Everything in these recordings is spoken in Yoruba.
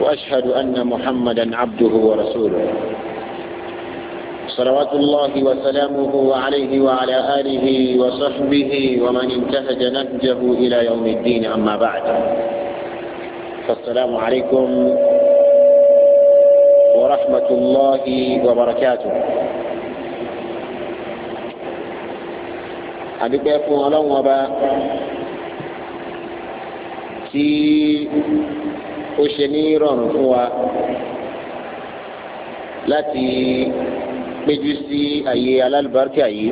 وأشهد أن محمدا عبده ورسوله صلوات الله وسلامه عليه وعلى آله وصحبه ومن انتهج نهجه إلى يوم الدين أما بعد فالسلام عليكم ورحمة الله وبركاته àdúpẹ́ fún ọlọ́run وبا ó ṣe ní rọrùn fún wa láti péjú sí àyè alálùbáríkà yìí.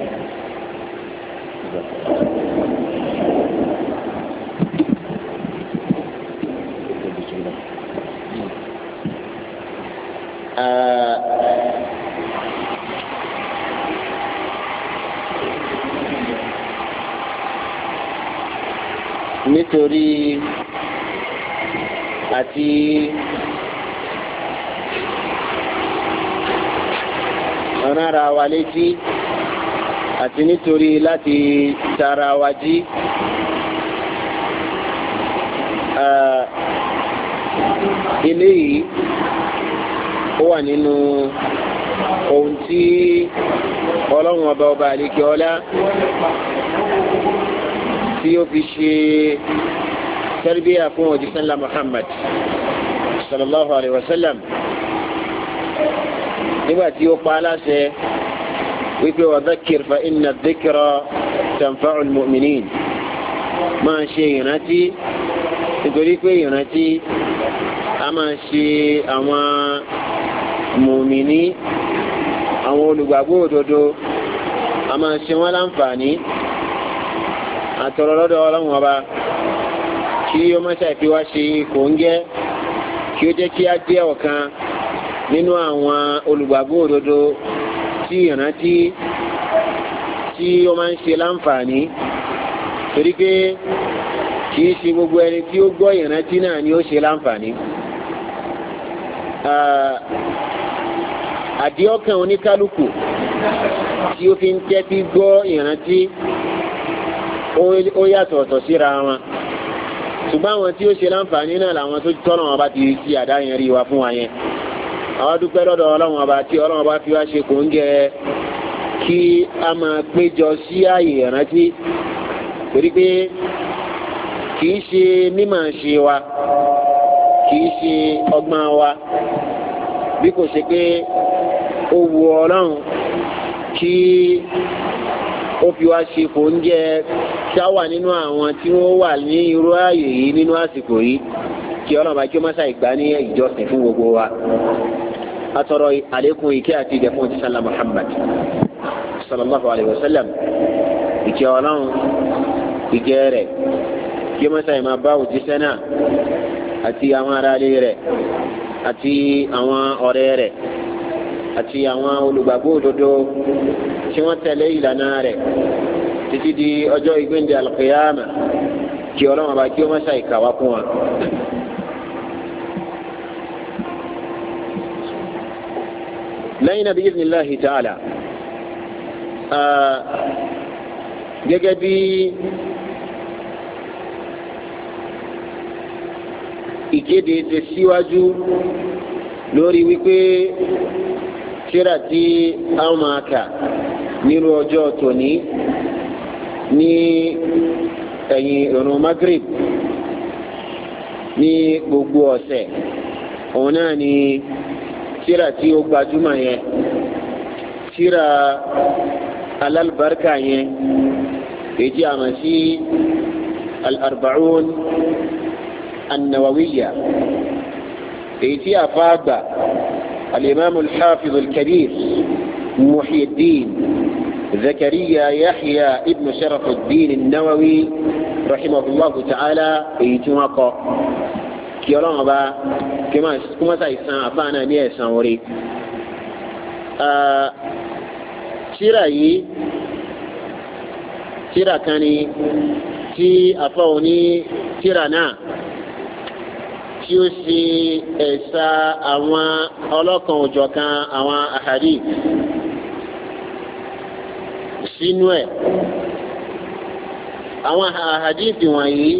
Ah, nítorí àti rárá wa létí àti nítorí láti tara wa jí eléyìí ó wà nínú ohun tí ọlọ́run ọba ọba àlekè ọlá tí ó fi ṣe tẹ́rìbíyà fún òjísánlá Muhammad sallallahu alayhi wa sallam nígbà tí ó pa aláṣẹ wípé wa dhakkir fa inna dhikra tanfa'ul mu'minin máa ń ṣe ìrántí nítorí pé ìrántí a máa ṣe àwọn mùmíní àwọn olùgbàgbọ́ òdodo a máa ṣe wọ́n láǹfààní àtọ̀rọ̀ lọ́dọ̀ ọlọ́run ọba kí ó má ṣàfi wá ṣe kòńgẹ́ kí ó jẹ́ kí á jẹ́ ọ̀kan nínú àwọn olùgbàgbọ́ òdodo tí ìrántí tí ó máa ń ṣe láǹfààní torí pé kì í ṣe gbogbo ẹni tí ó gbọ́ ìrántí náà ni ó ṣe láǹfààní. àdíọ́kàn oníkálukú tí ó fi ń tẹ́tí gbọ́ ìrántí ó yàtọ̀ ọ̀tọ̀ síra wọn ṣùgbọ́n àwọn tí ó ṣe láǹfààní náà làwọn tó tọ́nà ọba ti ti àdá yẹn rí wa fún wa yẹn àwọn dúpẹ́ lọ́dọ̀ ọlọ́run ọba tí ọlọ́run ọba fi wá ṣe kò ń jẹ kí a máa péjọ sí ààyè ìrántí torí pé kì í ṣe mímọ̀ ṣe wa kì í ṣe ọgbọ́n wa bí kò ṣe pé ó wu ọlọ́run kí ó fi wá ṣe kò ń jẹ ká wà nínú àwọn tí wọ́n wà ní irú ààyè yìí nínú àsìkò yìí kí ọlọ́run kí ó má ṣàì gbà ní ìjọsìn fún gbogbo wa atọrọ àlékún ìkẹ́ àti ìdẹ̀kùn ọ̀tí sálà Muhammad sallallahu alayhi wa sallam ìkẹ́ ọlọ́run ìkẹ́ rẹ̀ kí ó má ṣàì máa bá òjíṣẹ́ náà àti àwọn aráalé rẹ̀ àti àwọn ọ̀rẹ́ rẹ̀ àti àwọn olùgbàgbọ́ òdodo tí wọ́n tẹ̀lé ìlànà rẹ̀ títí di ọjọ́ ìgbéǹde alùkìyàmà kí ọlọ́run ọba kí ó má ṣàìkà wá fún wa. lẹ́yìn náà bi'iznillahi ta'ala gẹ́gẹ́ bí ìkéde ti síwájú lórí wípé tíra tí a máa kà nínú ọjọ́ tòní ní ẹ̀yìn ìrun Maghrib ní gbogbo ọ̀sẹ̀ òun náà ni tírà tí ó gbajúmọ̀ yẹn tírà alálùbáríkà yẹn èjì àmọ̀ sí al-arba'un èyí tí àfa àgbà al-imam muhyiddin. زكريا يحيى ابن شرف الدين النووي رحمه الله تعالى ايتوما kí ọlọ́run ọba kí wọ́n sá ìsan àfáà náà ní ẹ̀san orí. tíra yìí tíra kan ni tí àfọwọ́ ní tíra náà tí ó sì ẹ̀sà àwọn ọlọ́kan òjọ̀kan àwọn àhàdí sínú ẹ̀ àwọn àhàdíìsì wọ̀nyí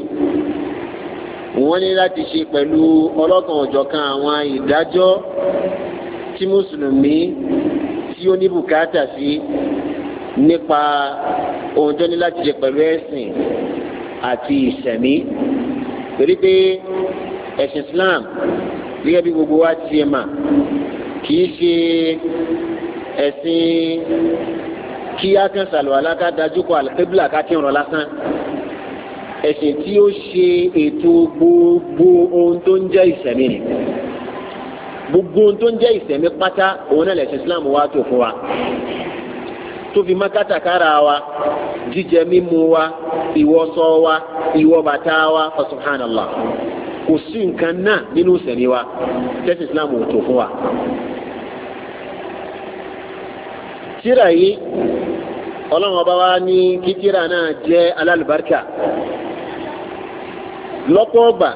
wọ́n ní láti ṣe pẹ̀lú ọlọ́kan ọ̀jọ̀kan àwọn ìdájọ́ tí mùsùlùmí tí ó ní bùkátà sí nípa ohun tó ní láti ṣe pẹ̀lú ẹ̀sìn àti ìṣẹ̀mí torí pé ẹ̀sìn Islam gẹ́gẹ́ bí gbogbo wa ti mà kì í ṣe ẹ̀sìn kí á kan sàlùwàlá ká dájú kọ àlùkébìlà ká kí ń lásán ẹ̀sìn tí ó ṣe ètò gbogbo ohun tó ń jẹ́ ìsẹ̀mí ni gbogbo ohun tó ń jẹ́ ìsẹ̀mí pátá òun náà lẹ̀sìn Islam wá tó fún wa tó fi má kátàkárà wa jíjẹ mímu wa ìwọṣọ wa ìwọ wa fa subhanallah kò sí nǹkan náà nínú ìsẹ̀mí wa tẹ́sí Islam ò tó fún wa tíra yìí ọlọ́run ọba wa ní kí tíra náà jẹ́ alálùbáríkà lọ́pọ̀ ọgbà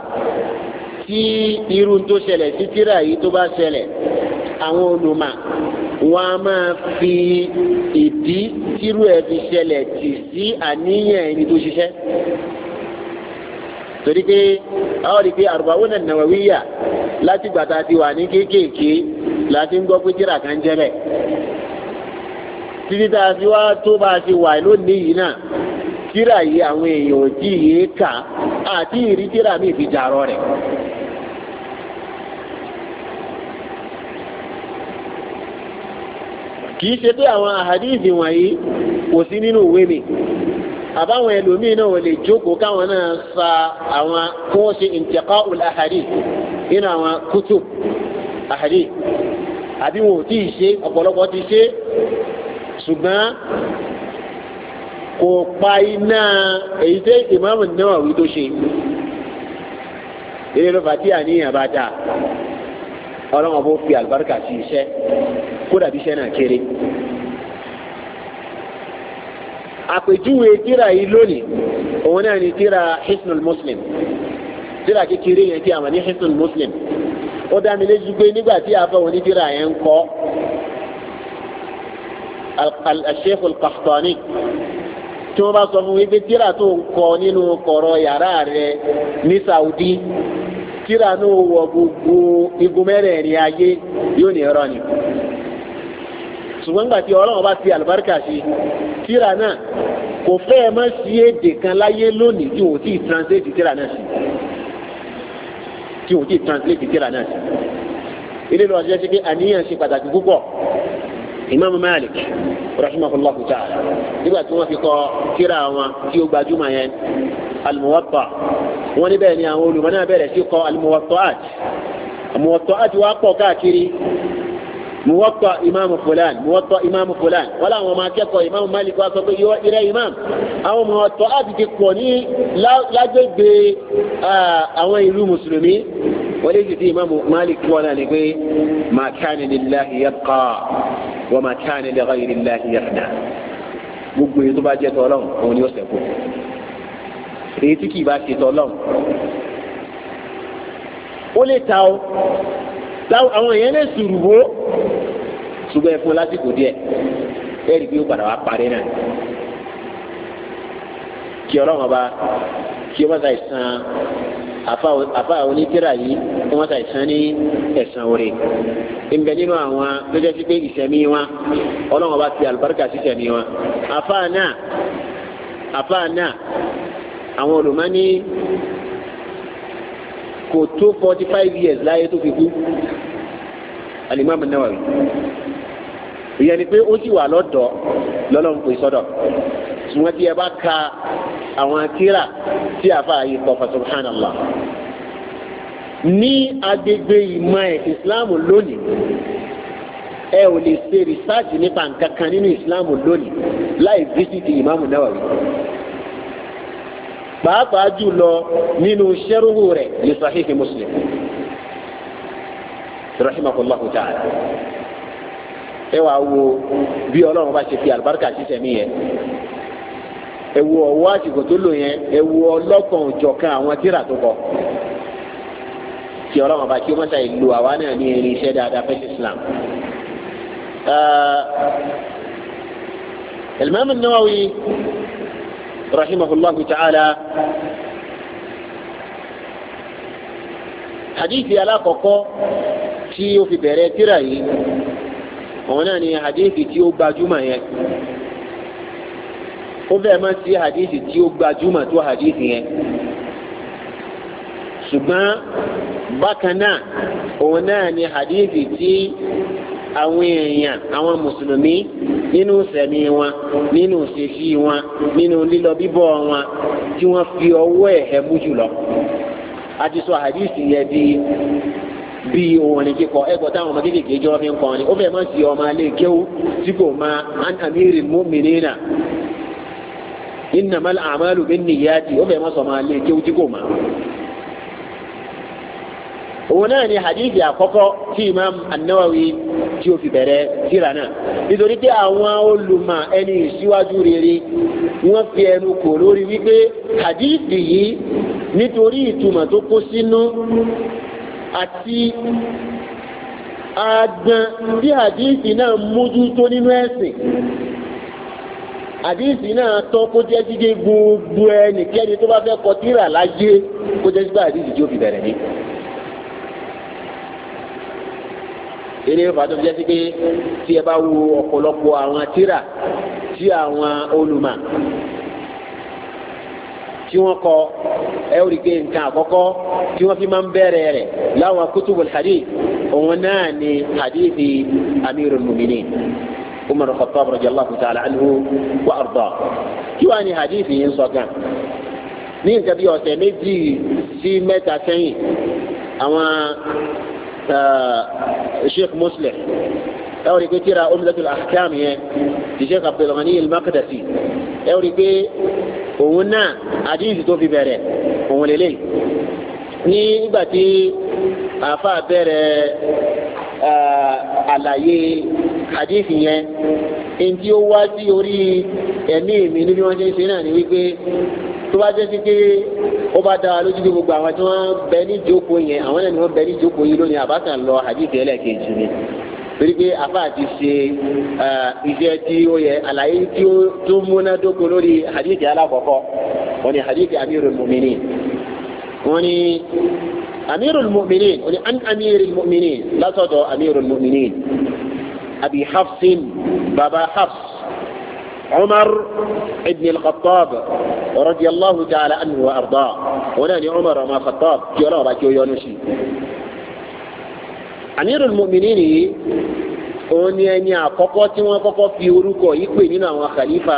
tí irú tó ṣẹlẹ̀ sí tíra yìí tó bá ṣẹlẹ̀ àwọn olùmọ̀ wọn a máa fi ìdí tírú ẹ̀ fi ṣẹlẹ̀ tì sí àníyàn ẹni tó ṣiṣẹ́ torí pé àwọn rí pé àrùbáwọ́nà nàwáwíyà láti gbàtà ti wà ní kéékèèké láti ń gbọ́ pé tíra kan jẹ́ bẹ́ẹ̀ títí tá a fi wá tó bá a ti wà lónìí yìí náà tíra yìí àwọn èèyàn ò tí yìí kà àti ìrí tíra mi fi jàrọ rẹ̀. kìí ṣe pé àwọn àhàdíìsì wọ̀nyí kò sí nínú ìwé mi àbáwọn ẹlòmíì náà wọ́n jókòó káwọn náà sa àwọn kí ṣe intiqa'ul àhàdí nínú àwọn kutub àhàdí àbí wọn ò tí ì ṣe ọ̀pọ̀lọpọ̀ ti ṣe ṣùgbọ́n kò pa iná èyí tẹ́ ìmáàmù Nawawi tó ṣe eré ló fà tí àníyàn bá dáa ọlọ́wọ́n bó fi àlùbáríkà sí iṣẹ́ kó dàbí iṣẹ́ náà kéré àpèjúwe tíra yìí lónìí òun náà ni tíra Hisnul Muslim tíra kékeré yẹn tí a mọ̀ ní Hisnul Muslim ó dá mi lójú pé nígbà tí a fọ òní tíra yẹn ń kọ́ al-sheikh al-qahtani tí wọ́n bá sọ fún wípé tíra tó ń kọ nínú kọ̀rọ̀ yàrá rẹ ní saudi tíra náà wọ gbogbo igun mẹ́rẹ̀ẹ̀rin ayé yóò ní ẹ̀rọ ni ṣùgbọ́n nígbà tí ọlọ́run bá ti àlùbáríkà ṣe tíra náà kò fẹ́ ẹ má sí èdè kan láyé lónìí tí wọ́n ti translate tíra náà sí tí wọ́n ti translate tíra náà sí ilé ìlú ọjọ́ ṣe pé àníyàn ṣe pàtàkì púpọ̀ imam malik rahimahullahu ta'ala nígbà tí wọ́n fi kọ kíra wọn tí ó gbajúmọ̀ yẹn al-muwatta wọ́n níbẹ̀ ni àwọn olùmọ̀ náà bẹ̀rẹ̀ sí kọ al-muwatta'at al-muwatta'at wa pọ̀ káàkiri muwatta imam fulan muwatta imam fulan wọ́n làwọn ọmọ akẹ́kọ̀ọ́ imam malik wa sọ pé yọ ìrẹ́ imam àwọn muwatta'at ti pọ̀ ní lágbègbè àwọn ìlú mùsùlùmí wọ́n lè dìde ìmáàmù Malik wọn náà ni pé ma kana lillahi yabqa wa ma kana li ghayri lillahi yafna gbogbo èyí tó bá jẹ́ tọ́lọ́m òun ni ó ṣẹ́kù èyí tí kì í bá ṣe tọ́lọ́m ó lè ta o àwọn èèyàn lè sùrù wó ṣùgbọ́n ẹ̀fọn lásìkò díẹ̀ bẹ́ẹ̀ bí ó padà wá parí náà kí ọlọ́run ọba kí ó ta ìsan àfa onítìrà yìí kí wọ́n ṣàìsàn ní ẹ̀sán òre ìbẹ̀ nínú àwọn tó jẹ́ sí pé ìṣẹ̀mí wọn ọlọ́run ọba ti àlùbáríkà sí ìṣẹ̀mí wọn àfa náà àfa náà àwọn olùmọ́ni kò tó forty five years láyé tó fi kú alimami Nawawi ìyẹn ni pé ó sì wà lọ́dọ̀ lọ́lọ́run kò sọ́dọ̀ ṣùgbọ́n tí ẹ bá ka àwọn tíra tí àfa yìí kọ fasubhanallah ní agbègbè ìmọ̀ ìsìláàmù lónìí ẹ ò lè ṣe rìsáàjì nípa nǹkan kan nínú ìsìláàmù lónìí láì fíṣítì ìmáàmù Nawawi pàápàá jùlọ nínú ṣẹ́rùhù rẹ̀ ní Sahihi Muslim rahimahulahu ta'ala ẹ wàá wo bí ọlọ́run bá ṣe fi àlùbáríkà ṣiṣẹ́ mi yẹn ẹ wo ọwọ́ àsìkò tó lò yẹn ẹ wo ọlọ́kan òjọ̀kan àwọn tíra tó kọ kí ọlọ́run bá kí ó má ṣàì àwa náà ní irin iṣẹ́ dáadáa fẹ́ Islam. Uh, Al-Imam An-Nawawi rahimahullahu ta'ala hadithi alákọ̀ọ́kọ́ tí ó fi bẹ̀rẹ̀ tíra yìí òun ni hadithi tí ó gbajúmọ̀ yẹn ó fẹ́ẹ́ má sí hadithi tí ó gbajúmọ̀ tó hadithi yẹn ṣùgbọ́n bákan náà òun náà ni hadithi tí àwọn èèyàn àwọn mùsùlùmí nínú sẹ̀mí wọn nínú ṣèṣì wọn nínú lílọ bíbọ̀ wọn tí wọ́n fi ọwọ́ ẹ̀hẹ́ mú jùlọ àti sọ hadithi yẹn bíi bí orin kíkọ ẹgbọ táwọn ọmọ kéékèèké jọ fi ń kọ ni ó fẹ́ẹ̀ má sí ọmọ alẹ́ kéwú tí kò máa an amiri mu'minina innamal a'malu binniyati ó bẹ̀rẹ̀ mọ́sọ̀ máa lé kéwú tí kò má. òun náà ni hadithi àkọ́kọ́ tí imam an-Nawawi tí ó fi bẹ̀rẹ̀ síra náà nítorí pé àwọn olùmọ̀ ẹni ìṣíwájú rere wọ́n fi ẹnu kò lórí wípé hadithi yìí nítorí ìtumọ̀ tó kó sínú àti àgbọn tí hadithi náà mójútó nínú ẹ̀sìn àdíìsì náà tán kó jẹ́ jíjẹ́ gbogbo ẹnikẹ́ni tó bá fẹ́ kọ tírà láyé kó jẹ́ sígbà àdíìsì tí ó fi bẹ̀rẹ̀ ní. eré fàtó fi jẹ́ sí pé tí ẹ bá wo ọ̀pọ̀lọpọ̀ àwọn tírà tí àwọn olùmọ̀ tí wọ́n kọ ẹ nǹkan àkọ́kọ́ tí wọ́n fi máa ń bẹ̀rẹ̀ rẹ̀ láwọn kutubul hadith òun náà ni hadith amirul muminin umar khattab radiyallahu ta'ala anhu wa arda kí wàá ní hadith yìí ń sọ gan ní nǹkan bí ọ̀sẹ̀ méjì sí mẹ́ta sẹ́yìn àwọn eh, sheikh muslim ẹ wọ́n rí pé tíra umdatul ahkam yẹn ti sheikh abdulghani al-maqdisi ẹ wọ́n rí pé òun náà hadith tó fi bẹ̀rẹ̀ òun lélẹ́yìn ní ìgbà tí àfa àlàyé hadith yẹn ẹni tí ó wá sí orí ẹ̀mí mi níbi wọ́n ṣe ń ṣe náà ni wípé tó bá jẹ́ sí pé ó bá dára lójú bí gbogbo àwọn tí wọ́n bẹ ní ìjókòó yẹn àwọn náà ni wọ́n bẹ ní ìjókòó yìí lónìí àbákan lọ hadith ẹlẹ́ẹ̀kejì ni torí pé afa ti ṣe uh, iṣẹ́ tí ó yẹ àlàyé tí ó tó múnádóko lórí hadith alákọ̀ọ́kọ́ wọ́n ní hadith amirul amirul mu'minin ó ní an amirul mu'minin látọ̀dọ̀ amirul mu'minin abi hafsin baba hafs umar ibn al-khattab radiyallahu ta'ala anhu wa arda wọn náà ni umar ọmọ khattab kí ọlọ́run bá kí ó yọ́nú sí amirul mu'minin yìí òun ni ẹni àkọ́kọ́ tí wọ́n kọ́kọ́ fi orúkọ yìí pè nínú àwọn khalifa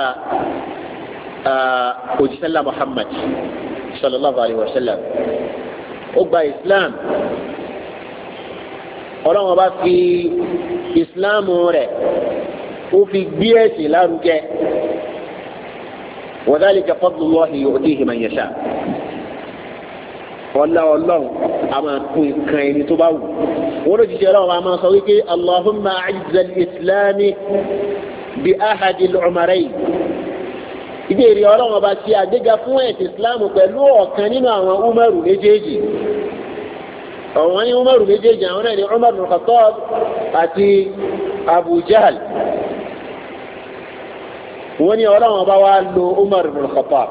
ah, òjísẹ́lá muhammad sallallahu alayhi wa sallam ó gba islam ọlọ́run ọba fi islam rẹ̀ ó fi gbé ẹ̀sìn lárugẹ wa dhalika fadlullahi yu'tihi man yasha ọlá ọlọ́run a máa kún nǹkan ẹni tó bá wù wọ́n ló jíjẹ́ ọlọ́run a máa sọ wípé allahumma a'izzal islami bi ahadi al ìbéèrè ọlọ́run ọba ṣe àgbéga fún ẹ̀sìn islam pẹ̀lú ọ̀kan nínú àwọn umaru méjèèjì àwọn ní umaru méjèèjì àwọn náà ní umar bin khattab àti abu jahl wọ́n ní ọlọ́run ọba wa lo umar bin khattab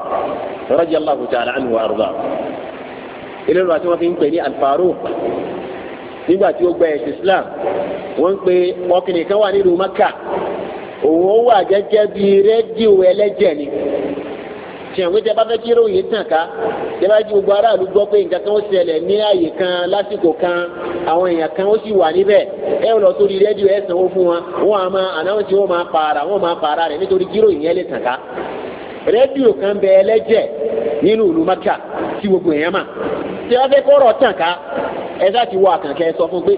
radiyallahu ta'ala anhu wa arda ilé ìlú àti wọn fi ń pè ní alfaruq nígbà tí ó gba ẹ̀sìn islam wọ́n ń pe ọkùnrin kan wà nílùú makka òun wà gẹ́gẹ́ bí rédíò ẹlẹ́jẹ̀ ni tiẹ̀wé tẹ bá fẹ́ kí ròyìn tàn ká tẹ jí gbogbo aráàlú gbọ́ pé nǹkan kan ó ṣẹlẹ̀ ní kan lásìkò kan àwọn èèyàn kan ó sì wà níbẹ̀ ẹ ò lọ sórí rédíò ẹ sanwó fún wọn wọn a máa ànáwọ̀sì wọn máa pààrà wọn máa pààrà rẹ̀ nítorí kí ròyìn yẹn lè tàn ká kan bẹ ẹlẹ́jẹ̀ nínú ìlú Mẹ́kà tí gbogbo èèyàn mà bá fẹ́ kọ́rọ̀ tàn ká ẹ sá ti wọ àkànkẹ́ sọ fún pé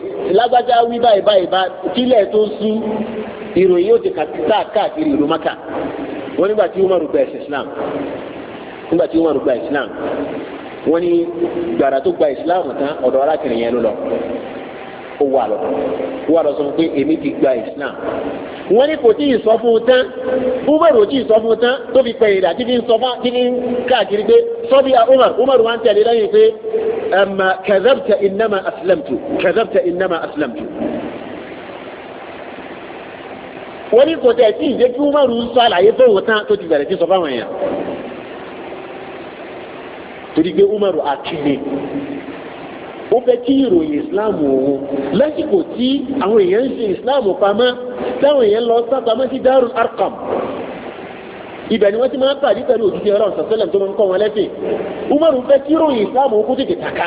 ìròyìn yóò ti kàtà káàkiri ìlú maka wọ́n nígbà tí umaru gba ẹ̀sìn islam nígbà tí umaru gba islam wọ́n ní gbàrà tó gba islam tán ọ̀dọ̀ arákùnrin yẹn ló lọ ó wà lọ ó wà lọ sọ pé èmi ti gba islam wọ́n ní kò tí ì sọ fún un tán umaru ò tí ì sọ fún un tán tó pẹ̀lú ìdá tí fi sọ fún tí fi káàkiri pé sọ́bí ah, umaru umaru wa ń tẹ̀lé lẹ́yìn pé kazabta innama aslamtu kazabta innama aslamtu wọ́n ní kò tẹ̀ sí ìjẹ́ kí Umaru sọ àlàyé tó wò tán tó ti bẹ̀rẹ̀ sí sọ fáwọn èèyàn torí pé Umaru akílè ó fẹ́ kí ìròyìn Islam òun lásìkò tí àwọn èèyàn ń ṣe Islam pamọ́ táwọn èèyàn lọ sá pamọ́ sí Darul Arqam ibẹ̀ ni wọ́n ti máa ń pàdé pẹ̀lú òjijì ọlọ́run sọ̀sẹ́lẹ̀ tó máa ń kọ́ wọn lẹ́sìn Umaru fẹ́ kí ìròyìn Islam òun kó tètè tàka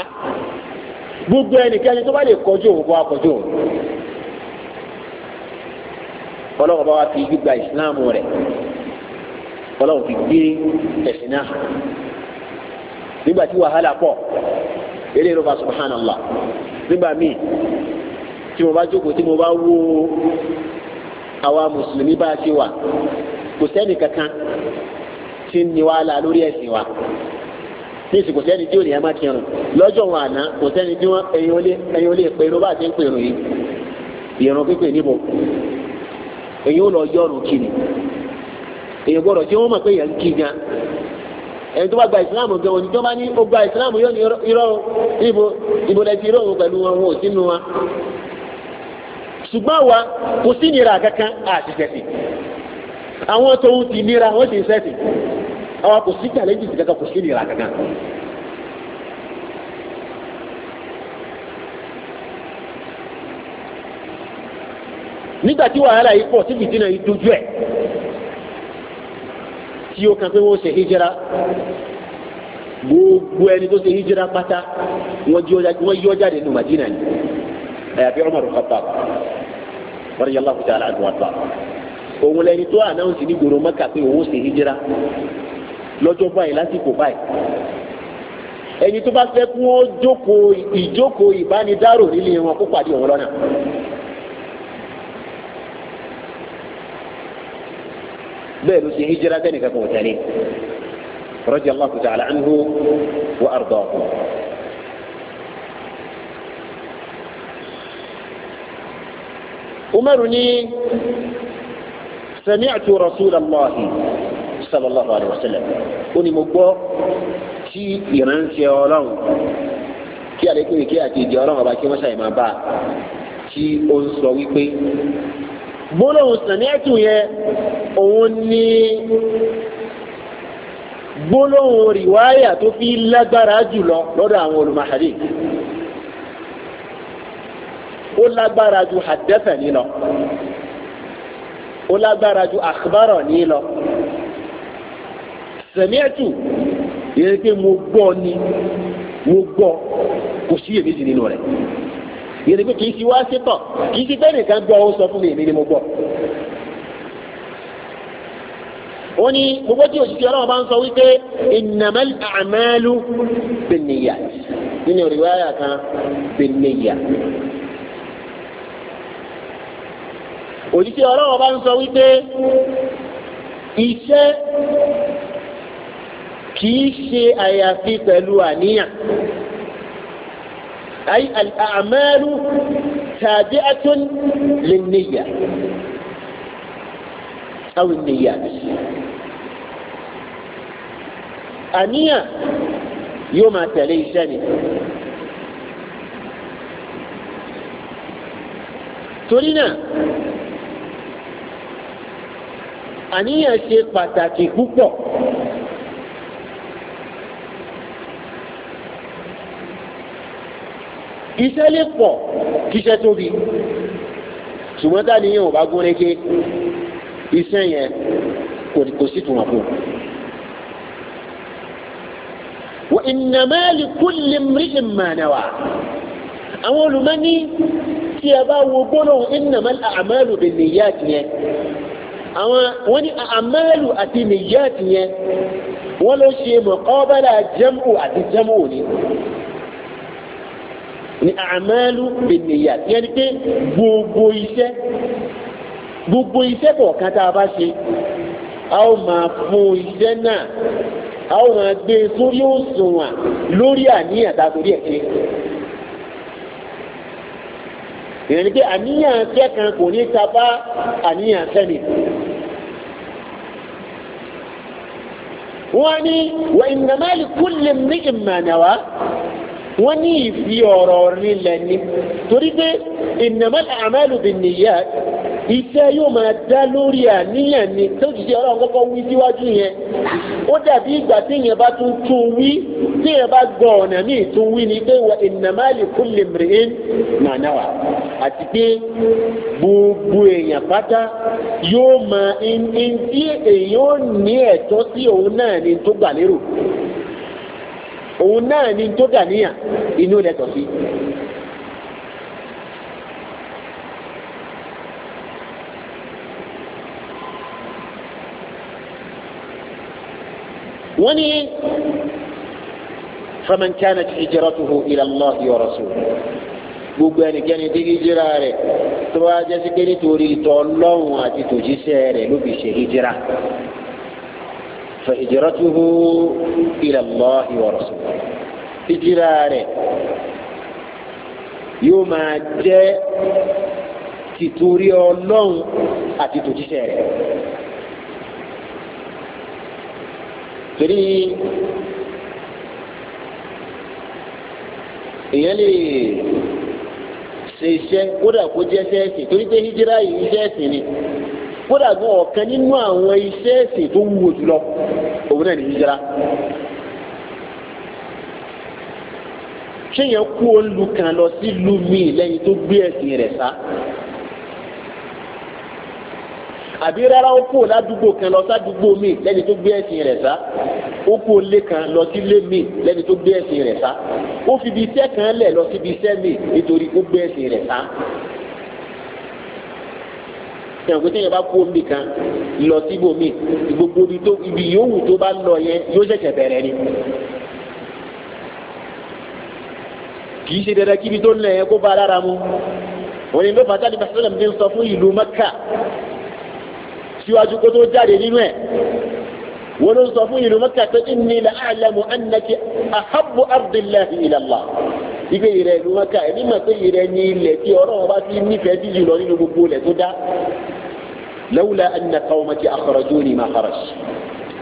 gbogbo ẹnikẹ́ni tó bá lè kọjú òun kó akọjú òun ọlọ́run bá wa fi gbígba ìsìláàmù rẹ̀ ọlọ́run fi gbé ẹ̀sìn náà nígbà tí wàhálà pọ̀ eré ló bá subhanallah nígbà míì tí mo bá jókòó tí mo bá wó àwa mùsùlùmí bá a ṣe wà kò sẹ́ni kankan tí ń ní wàhálà lórí ẹ̀sìn wa ní ìsìnkú sẹ́ni tí ò ní ẹ má kírun lọ́jọ́ wọn àná kò sẹ́ni tí wọ́n ẹ̀yin ó lè pè ló bá ti ń pè irun yìí ìrun pípè níbo èyí ụlọ lọ yọrù kiri èyí gbọ́dọ̀ tí wọn mọ̀ pé yẹn ń kí ẹni tó bá gba ìsìláàmù gan òní tó bá ní gba ìsìláàmù yóò ní irọ́ ibo ibo lẹ ti pẹ̀lú wọn wọn ò sínú wa ṣùgbọ́n wa kò sí nira kankan àwọn tó ń ti nira wọ́n ti ń sẹ́sì àwọn nígbà tí wàhálà yìí pọ̀ síbi tí náà yìí dojú ẹ̀ tí ó kan pé wọ́n ṣe hijira gbogbo ẹni tó ṣe hijira pátá wọ́n yọ jáde nínú Madina ni àyàfi Umar Khattab radiyallahu ta'ala anhu àdúrà òun lẹni tó ànáwùsì ní gbòòrò Mẹ́kà pé òun ṣe hijira lọ́jọ́ báyìí lásìkò báyìí ẹni tó bá fẹ́ kún ìjókòó ìbánidárò nílé wọn kó pàdé òun lọ́nà. bẹ́ẹ̀ ló ṣe hijira bẹ́ẹ̀ nìkan kan ò tẹ̀lé radiyallahu ta'ala anhu wa ardaahu. umaru ni sami'tu rasulallahi sallallahu alayhi wa sallam ó ní mo gbọ́ tí ìránṣẹ́ ọlọ́run kí alekere kí àti ìjẹ ọlọ́run ọba kí wọ́n ṣàyẹ̀mọ́ bá tí ó ń sọ wípé gbólóhùn sàmíẹ́tù yẹn òun ni gbólóhùn rìwáyà tó fi lágbára jùlọ lọ́dọ̀ àwọn olùmọ̀hàdì ó lágbára ju haddathani lọ ó lágbára ju akhbarani lọ sàmíẹ́tù yẹn pé mo gbọ́ ni mo gbọ́ kò sí èmi jì nínú rẹ̀ yẹn ni pé kì í ṣe wá sí tọ̀ kì í ṣe bẹ́ẹ̀ nìkan gbọ́ ó sọ fún mi èmi ni mo gbọ́. ó ní gbogbo tí òṣìṣẹ́ ọlọ́run bá ń sọ wípé innamal a'malu binniyat nínú riwaya kan binniyat. òṣìṣẹ́ ọlọ́run bá ń sọ wípé iṣẹ́ kì í ṣe àyàfi pẹ̀lú àníyàn. أي الأعمال تابعة للنية أو النيات انية يوم تليشني ترينا àníyàn شيخ pàtàkì كوكو iṣẹ́ lè pọ̀ kíṣẹ́ tóbi ṣùgbọ́n táni yẹn ò bá gún régé iṣẹ́ yẹn kò sí tùmọ̀ fún un. wa innama li kulli imri'in ma nawa àwọn olùmọ́ni tí a bá wo gbólóhùn innama al-a'malu bin-niyyat yẹn àwọn wọ́n ní àmàlù àti nìyàtì yẹn wọ́n ló ṣe mọ̀kọ́bálà jẹ́mù àti jẹ́mù ni ní àmàlù bìnnìyà yẹn ni pé gbogbo iṣẹ́ gbogbo iṣẹ́ kọ̀ọ̀kan tá a bá ṣe a ó máa fún iṣẹ́ náà a ó máa gbé e sórí òṣùwọ̀n lórí àníyàn tá a torí ẹ̀ ṣe ìyẹn pé àníyàn kẹ́kan kò ní ta bá àníyàn sẹ́ni. wọ́n ní wà ìnàmálì kúlẹ̀ ní ìmọ̀ àná wa wọ́n ní ìfi ọ̀rọ̀ rinlẹ̀ ni torí pé innamal a'malu binniyat iṣẹ́ yóò máa dá lórí àníyàn ni tó ti ṣe ọlọ́run kọ́kọ́ wí síwájú yẹn ó dàbí ìgbà tí èèyàn bá tún tún wí tí èèyàn bá gbọ́ ọ̀nà míì tún wí ni pé wa innama li kulli imri'in ma nawa àti pé gbogbo èèyàn pátá yóò máa ní tí èèyàn ò ní ẹ̀tọ́ sí òun náà ni tó gbà lérò òun náà ni tó dà níyà inú ilẹ̀ tọ̀ sí. wọ́n ní faman kanat hijratuhu ila Allah wa rasulihi gbogbo ẹnikẹ́ni tí hijira rẹ̀ tó bá jẹ́ sí pé nítorí ìtọ́ ọlọ́run àti tòjíṣẹ́ rẹ̀ ló fi ṣe hijira. فهجرته إلى الله ورسوله هجراره yóò máa jẹ́ tìtorí ọlọ́run àti tòjíṣẹ́ rẹ̀ torí èèyàn lè ṣe iṣẹ́ kódà kó jẹ́ sẹ́ẹ̀sì torí pé hijira yìí iṣẹ́ ẹ̀sìn ni kódà gan ọ̀kan nínú àwọn iṣẹ́ ẹ̀sìn tó wúwo jùlọ òun náà ní hijira kéèyàn kú olú kan lọ sí lumi lẹ́yìn tó gbé ẹ̀sìn rẹ̀ sá àbí rárá ó kú ládùúgbò kan lọ sádùúgbò mi lẹ́yìn tó gbé ẹ̀sìn rẹ̀ sá ó kú olé kan lọ sí ilé mi lẹ́yìn tó gbé ẹ̀sìn rẹ̀ sá ó fi ibi iṣẹ́ kan lẹ̀ lọ sí iṣẹ́ mi nítorí ó gbé ẹ̀sìn rẹ̀ sá ẹ̀rọ pé téèyàn bá kú omi kan lọ síbòmí gbogbo ibi tó ibi yòówù tó bá lọ yẹn yóò ṣẹ̀ṣẹ̀ bẹ̀rẹ̀ ni. kì í ṣe dandan kíbi tó lẹ̀ yẹn kó bá lára mu wọ́n ní lọ́fà tá a ti sọ́dọ̀ mi sọ fún ìlú Mẹ́kà síwájú kó tó jáde nínú ẹ̀ wọn ń sọ fún ìlú mọ́kà pé inni la a'lamu annaki ahabbu ardillahi ila Allah ibi ìrẹ̀ ìlú mọ́kà ẹ̀mí mọ̀ pé ìrẹ̀ ni ilẹ̀ tí ọlọ́run bá ti nífẹ̀ẹ́ sí jùlọ nínú gbogbo ilẹ̀ tó dá lawla anna qaumaki akhrajuni ma kharaj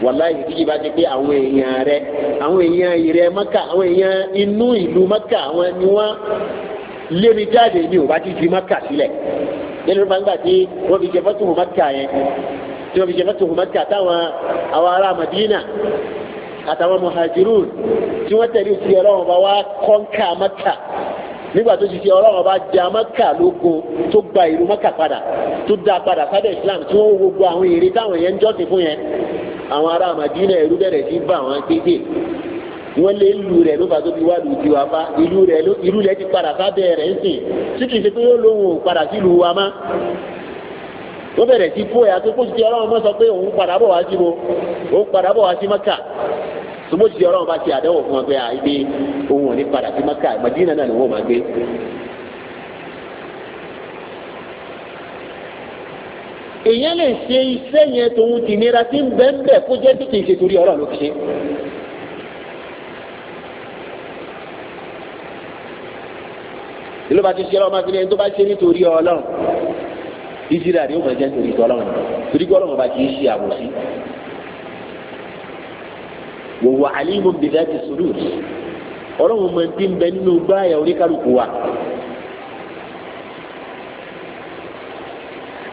wàláyé tíjì bá ti pé àwọn èèyàn rẹ àwọn èèyàn ìrẹ mọ́kà àwọn èèyàn inú ìlú mọ́kà àwọn ni wọ́n lébi jáde ní ò tí wọ́n fi jẹ́ fẹ́tò mẹ́kà táwọn àwọn ará Madina àtàwọn muhajirun tí wọ́n tẹ̀lé ti ọlọ́run bá wá kọ́ńkà mẹ́kà nígbà tó ti fi ọlọ́run bá jẹ mẹ́kà lógun tó gba ìlú mẹ́kà padà tó dá padà sábẹ́ Islam tí wọ́n wo gbogbo àwọn èrè táwọn yẹn ń jọ́sìn fún yẹn àwọn ará Madina ẹ̀rú bẹ̀rẹ̀ sí bá àwọn gbégbé wọ́n lé ìlú rẹ̀ ló bá tó fi wá lù tiwa fa ìlú rẹ̀ ti padà sábẹ́ rẹ̀ ń sìn wọ́n bẹ̀rẹ̀ sí kó ẹ̀yà pé kó ti ọlọ́run mọ́ sọ pé òun padà bọ̀ wá sí mo òun padà bọ̀ wá sí mọ́kà sọmọ ti ọlọ́run bá ti àdánwò fún wọn pé à ibi òun ò ní padà sí mọ́kà Mẹdínà náà ni wọ́n máa gbé. èèyàn lè ṣe iṣẹ́ yẹn tòun ti nira tí ń kó jẹ́ bí kì ṣe torí ọlọ́run ló fi ṣe. ìlú bá ti ṣe ọlọ́run máa fi ní ẹni tó bá ṣe nítorí ọlọ́run ìjírà rẹ̀ ó máa jẹ́ torí tọ́lọ́run torí tọ́lọ́run bá kì í ṣe àbòsí. wòwò àlímù bìdá ti sùúrù ọlọ́run máa ti ń bẹ nínú gbáàyà oníkálukú wa.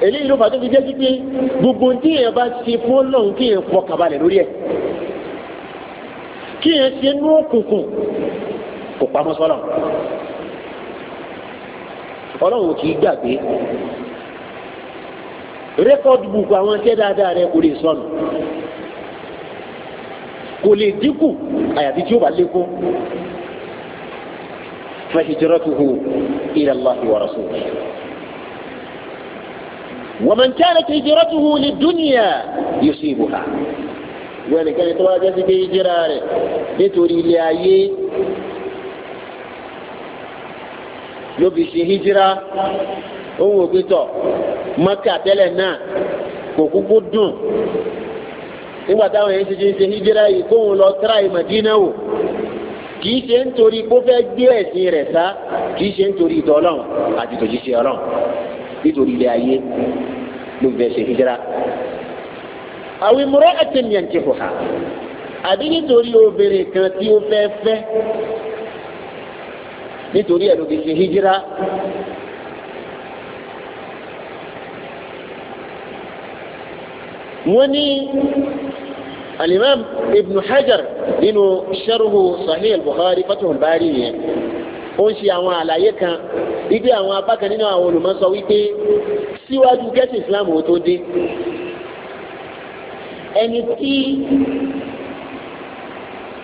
eléyìí ló fà tó fi jẹ́ sí pé gbogbo tí èèyàn bá ṣe fún ọlọ́run kí èèyàn pọ̀ kàbalẹ̀ lórí ẹ̀ kí èèyàn ṣe inú òkùnkùn kò pamọ́ sọ́lọ́run ọlọ́run kì í gbàgbé rẹ́kọ̀dì bùkù àwọn iṣẹ́ dáadáa rẹ kò lè sọnù kò lè dínkù àyàfi tí ó bá lékún fahijratuhu ila Allahi wa rasulihi. ومن كانت هجرته للدنيا يصيبها وأنا كانت واجهة في هجراري لتوري لأيي يبشي هجرة òun ò gbé tọ̀ mọ́kà tẹ́lẹ̀ náà kò kúkú dùn nígbà táwọn yẹn ti ṣe ṣe hijira yìí kóun lọ tíráì Mẹdínà wò kìí ṣe nítorí kó fẹ́ gbé ẹ̀sìn rẹ̀ sá kìí ṣe nítorí ìtọ́ ọlọ́run àti ìtòjíṣẹ́ ọlọ́run nítorí ilé ayé ló fẹ́ ṣe hijira. àwọn ìmúrẹ́ ẹ̀sìn yẹn ti hù hà àbí nítorí obìnrin kan tí ó fẹ́ fẹ́ nítorí ẹ̀ ló fi ṣe hijira wọ́n ní alimam ibn hajar nínú sharhu sahih al-bukhari fathul bari yẹn ó ń ṣe àwọn àlàyé kan ibi àwọn apá kan nínú àwọn olùmọ̀ sọ wípé síwájú gẹ́sì islam ò tó dé ẹni tí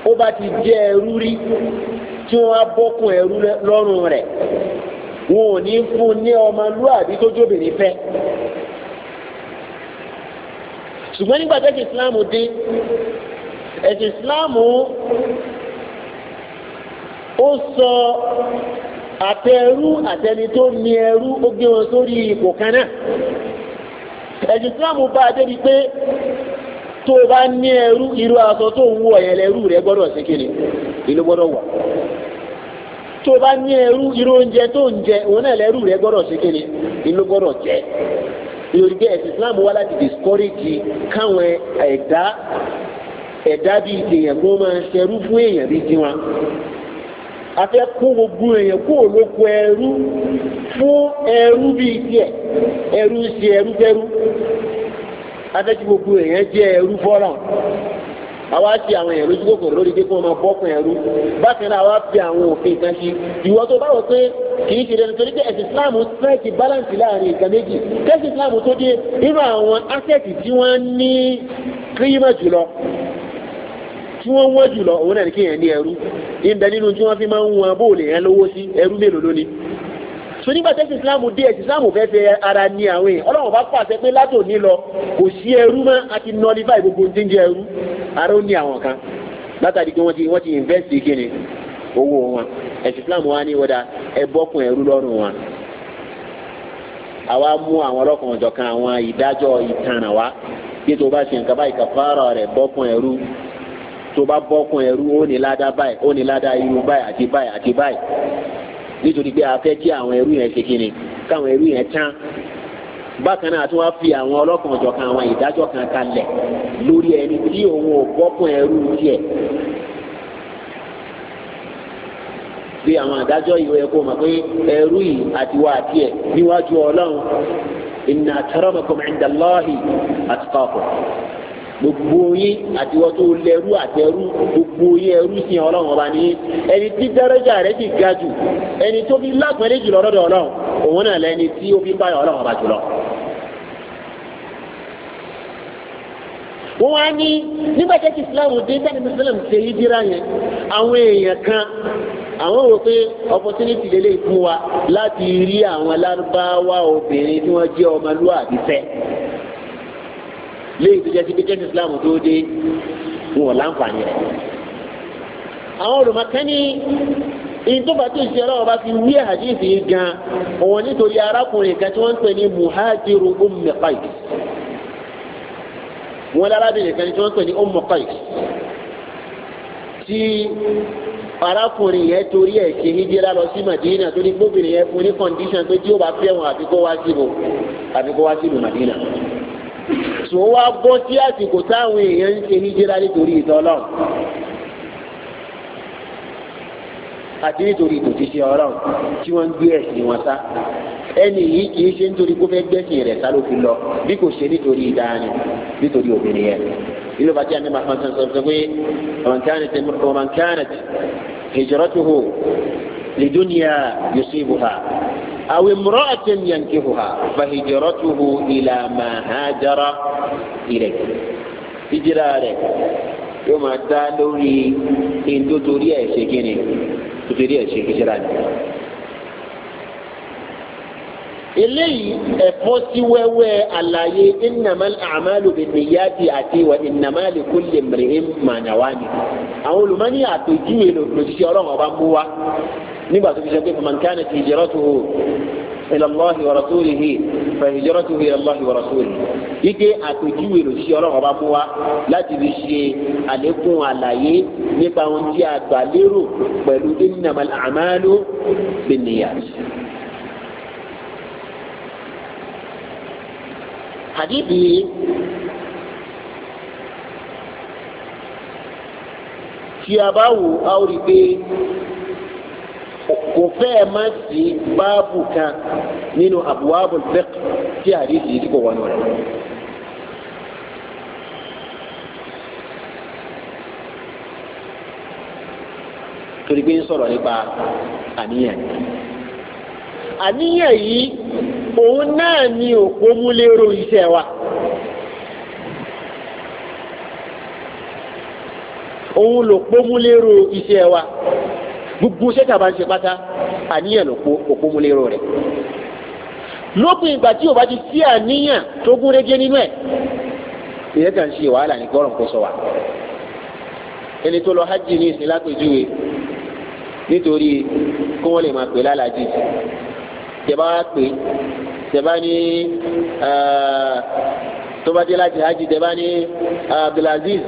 ó bá ti jẹ́ ẹrú rí tí wọ́n á bọ́kùn ẹrú lọ́rùn rẹ̀ wọn ò ní fún ní ọmọlúwàbí tó jóbìnrin fẹ́ ṣùgbọ́n nígbà tẹ́sí ìsìláàmù dé ẹ̀sìn ìsìláàmù ó sọ àtẹrú àtẹni tó ní ẹrú ó gbé wọn sórí ipò kan náà ẹ̀sìn ìsìláàmù bá a débi pé tó o bá ní ẹrú irú aṣọ tó ń wọ rẹ gbọ́dọ̀ sí ìlú gbọ́dọ̀ wà tó o bá ní ẹrú irú oúnjẹ tó ń jẹ òun náà lẹ́rú rẹ gbọ́dọ̀ sí yorùbá ẹ̀sìn islam wá láti discourage káwọn ẹ̀dá ẹ̀dá bíi tèèyàn kó máa ṣẹrú fún èèyàn bíi tiwọn afẹ́ kó gbogbo èèyàn kó lóko ẹrú fún ẹrú bíi tiẹ̀ ẹrú ṣe ẹrú fẹ́rú afẹ́ gbogbo èèyàn jẹ́ ẹrú fọ́lọ́n àwa ṣe àwọn èèyàn lójú kòkòrò lórí pé kí wọn máa bọ́kùn ẹrú bákan náà àwa fi àwọn òfin kan ṣe ìwọ tó bá wọ pé kì í ṣe dandan torí pé ẹ̀sìn islam strike balance láàrin nǹkan méjì kẹ́sìn islam tó dé nínú àwọn asset tí wọ́n ní kírímà jùlọ tí wọ́n wọ́n jùlọ òun náà ní kéèyàn ní ẹrú ìbẹ̀ nínú tí wọ́n fi máa ń wọn bóòlù yẹn lówó sí ẹrú mélòó lónìí so nígbà tẹ́sí ìsìláàmù dé ẹ̀sìn ìsìláàmù fẹ́ fẹ́ ara ní àwọn èèyàn ọlọ́run bá pàṣẹ pé látòní lọ kò sí ẹrú mọ́ àti nọlífà gbogbo tí ń jẹ ẹrú ara ó ní àwọn kan látàrí pé wọ́n ti wọ́n ti invest kíni owó wọn ìsìláàmù wa ní wọ́dà ẹ bọ́kùn ẹrú lọ́rùn wọn. àwa mú àwọn ọlọ́kan ọ̀jọ̀kan àwọn ìdájọ́ ìtanràn wa bí tó bá ṣe nǹkan báyìí kàfàrà rẹ̀ bọ́kùn ẹrú tó bá bọ́kùn ẹrú ó ní ládàá báyìí ó ní ládàá irú báyìí àti báyìí àti báyìí nítorí pé a fẹ́ kí àwọn ẹrú yẹn ṣe kíni káwọn ẹrú yẹn tán bákan náà fi àwọn ọlọ́kan kan àwọn ìdájọ́ kan kalẹ̀ lórí ẹni tí òun ò bọ́kùn ẹrú tiẹ̀ bí àwọn àdájọ́ ìwé ẹ̀kọ́ mọ̀ pé ẹrú yìí àti wá àti níwájú ọlọ́run inna akramakum gbogbo yín àti wọ́n tó lẹ́rú àtẹrú gbogbo yín ẹrú sí ọlọ́run ọba ní ẹni tí dẹ́rẹ́jà rẹ̀ ti ga jù ẹni tó fi lágbẹ́lẹ́ jùlọ lọ́dọ̀ ọlọ́run òun náà lẹni tí ó fi báyọ̀ ọlọ́run ọba jùlọ. wọ́n wá ní nígbà tí ẹ̀kí islam dé sẹ́ni muslim ṣe yí dírá yẹn àwọn èèyàn kan àwọn rò pé opportunity lélẹ́yìn fún wa láti rí àwọn lárúbáwá obìnrin tí wọ́n jẹ́ ọmọlúwàbí fẹ́ léyìí tó jẹ́ sí bíkẹ́ni islam tó dé ń wọ̀ láǹfààní rẹ̀. àwọn olùmọ̀kẹ́ni ìtọ́fà tó ṣe ọlọ́wọ́ bá fi wí àdìsí gan òun nítorí arákùnrin kan tí wọ́n ń pè ní muhajiru ummi qais wọn lárábìnrin kan tí wọ́n ń pè ní ummi qais tí arákùnrin yẹn torí ẹ̀ ṣe hijira lọ sí madina tó gbóbìnrin yẹn fún ní kọ́ndíṣàn pé tí ó bá fẹ́ wọn àbí wá síbò àbí wá síbò madina tó wá bọ́ sí àsìkò táwọn èèyàn ń ṣe hijira nítorí ìtọ́lọ́ àti nítorí ìtòṣìṣẹ́ ọlọ́run tí wọ́n ń gbé ẹ̀sìn wọn sá ẹni yìí kì í ṣe nítorí kó fẹ́ gbẹ́sìn rẹ̀ sá ló fi lọ bí kò ṣe nítorí ìdáni nítorí obìnrin yẹn ilé bàtí àná máa fọn sọ pé ọmọkánà hijratuhu lidunya yusibuha. أو امرأة ينكحها فهجرته إلى ما هاجر إليه هجرة عليك yóò máa dá lórí ètò torí ẹ̀ ṣe kí ni torí ẹ̀ ṣe kíṣẹ́ láti. eléyìí ẹ̀fọ́ sí wẹ́wẹ́ àlàyé innamal a'malu binniyati àti wa innama likulli imri'in ma nawa ni. àwọn olùmọ́ni àpèjúwe lòṣìṣẹ́ ọlọ́run ọba mú wa nígbà tó fi sọ pé man kanat hijratuhu ila Allahi wa rasulihi fa hijratuhu ila Allahi wa rasulihi. ike àpèjúwe ló ṣe ọlọ́run ọba fún wa láti fi ṣe àlékún àlàyé nípa ohun tí a gbà lérò pẹ̀lú innamal a'malu binniyat. hadithi tí a bá wò a kò fẹ́ má sí báàbù kan nínú àbúwábù fiqh tí àdìsí tí kò wọnú rẹ̀. torí pé ń sọ̀rọ̀ nípa àníyàn àníyàn yìí òun náà ni òpó múlérò iṣẹ́ wa. òun lòpó múlérò iṣẹ́ wa gbogbo ṣẹ́ tàbá ń ṣe pátá àníyàn òpómúlérò rẹ̀ lópin ìgbà tí o bá ti sí àníyàn tó gún régé nínú ẹ̀ ìyẹn kàn ṣe wàhálà ní gbọ́rọ̀ kó sọ wa ẹni tó lọ hajj ní ìsìn lápèjúwe nítorí kó wọ́n lè máa pè lálàájì tẹ̀bá wá pè tẹ̀bá ní tó bá dé láti hajj tẹ̀bá ní Abdulaziz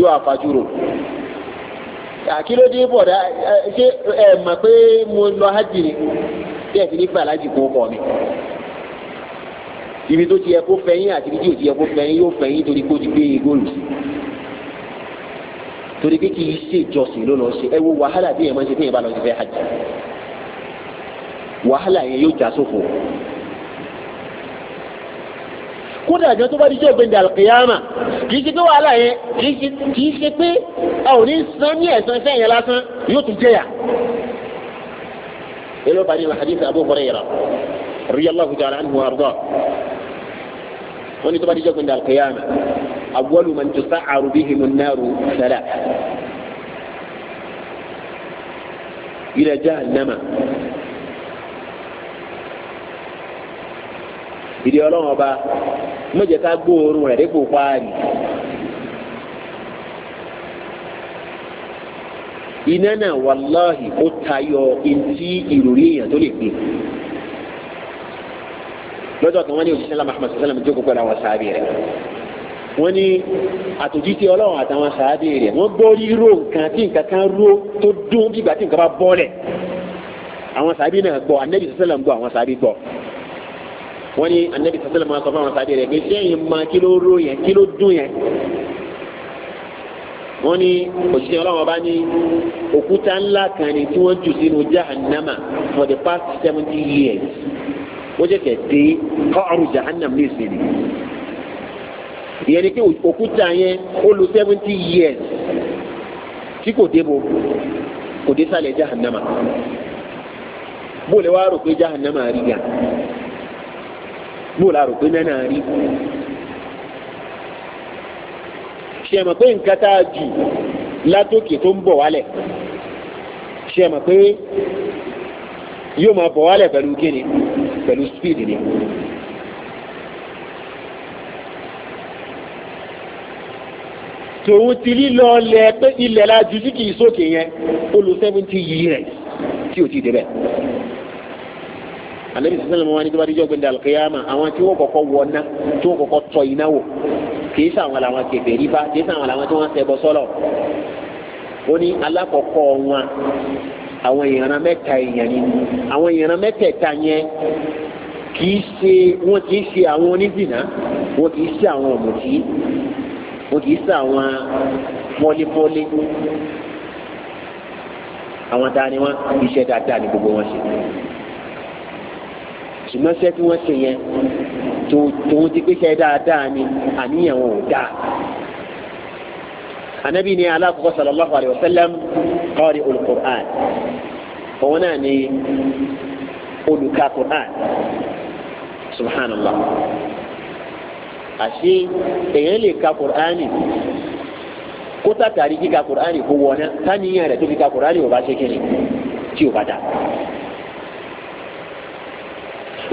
yóò àfàjúrò. àkílódé bọ̀dá ṣé ẹ mọ̀ pé mo lọ hajj ni bí ẹ ti ní mi ibi tó ti yẹ kó fẹ̀yìn àti ibi ti yẹ kó fẹ̀yìn yóò fẹ̀yìn torí kó ti gbé e góòlù sí torí pé kì í ló lọ ṣe ẹ wo wàhálà bí ẹ máa ń ṣe bí ẹ kódà àjọ tó bá di jẹ́ ògbéǹdà alkiyama kìí ṣe pé wàhálà yẹn kìí ṣe pé a ò ní san ní ẹ̀san iṣẹ́ yẹn lásán yóò tún jẹ́yà. ilé ọba ní ma hadith ta'ala anhu arda wọ́n ní tó bá di jẹ́ alkiyama awwalu man tusa'aru bihimu an-naru sẹ́lẹ̀. ila jahannama ìdí ọlọ́run ọba mọ̀jẹ̀ ká gbóòórùn rẹ̀ dípò páàlì. iná náà wàláhì ó tayọ ntí ìròrí èèyàn tó lè gbé lọ́jọ́ kan wọ́n ní òṣìṣẹ́ lámà àmàṣẹ́ sálàmù jókòó pẹ̀lú àwọn sáábì rẹ̀ wọ́n ní àtòjíṣẹ́ ọlọ́run àtàwọn sáábì rẹ̀ wọ́n gbọ́ ríró nǹkan tí nǹkan kan ró tó dún bí ìgbà tí nǹkan bá bọ́ọ̀lẹ̀ àwọn sáábì náà gbọ́ ànábì sálàmù gbọ́ àwọn sáábì gbọ́ wọ́n ní anabi sasẹ́lẹ̀ máa sọ fáwọn sáadé rẹ̀ pé sẹ́yìn máa kí ló ró yẹn kí ló dùn yẹn wọ́n ní òṣìṣẹ́ ọlọ́wọ́ bá ní òkúta ńlá kan ni tí wọ́n jù sínú jahannama for the past seventy years ó jẹ́ kẹ̀ dé kọ́ọ̀rù jahannam ní ìsinmi ìyẹn ni pé òkúta yẹn ó lò seventy years tí kò débo kò dé sálẹ̀ jahannama bó lè wá rò pé jahannama rí gan mo la rò pé náà náà rí ṣe mọ̀ pé nǹkan tá a jù látòkè tó ń bọ̀ wálẹ̀ ṣe mọ̀ pé yóò máa bọ̀ wálẹ̀ pẹ̀lú kíni pẹ̀lú speed ni. tòun ti lílọ ilẹ̀ pé ilẹ̀ la jù sí kìí sókè yẹn ó lò seventy years tí o ti débẹ̀ anabi sísan lọ́mọ wa ní tó bá dijọ́ gbẹ̀ndẹ̀ alikiyama àwọn tí wọ́n kọ́kọ́ wọ ná tí wọ́n kọ́kọ́ tọ́ iná wò kì í sàwọn làwọn kẹfẹ́ rí bá kì í sàwọn làwọn tí wọ́n ṣẹbọ sọ́lọ̀ ó ní alákọ̀ọ́kọ́ wọn àwọn ìran mẹ́ta èèyàn ni àwọn ìran mẹ́tẹ̀ẹ̀ta yẹn kì í ṣe wọn kì í ṣe àwọn wọn kì í ṣe àwọn wọn kì í ṣe àwọn fọ́lífọ́lí àwọn wọn iṣẹ́ dáadáa ni gbogbo wọn ṣe ṣùgbọ́n ṣẹ́ tí wọ́n ṣe yẹn tòun ti pé ṣe dáadáa ni àníyàn wọn ò dáa. anabi ni alákọ̀ọ́kọ́ sallallahu alayhi wa sallam qari al-Qur'an òun náà ni olùka Qur'an subhanallah àṣé èèyàn lè ka Qur'ani kó tàtàrí kíka Qur'ani kó wọ́n náà táníyàn rẹ̀ tó fi ka Qur'ani ò bá ṣe kiri tí ò bá dáa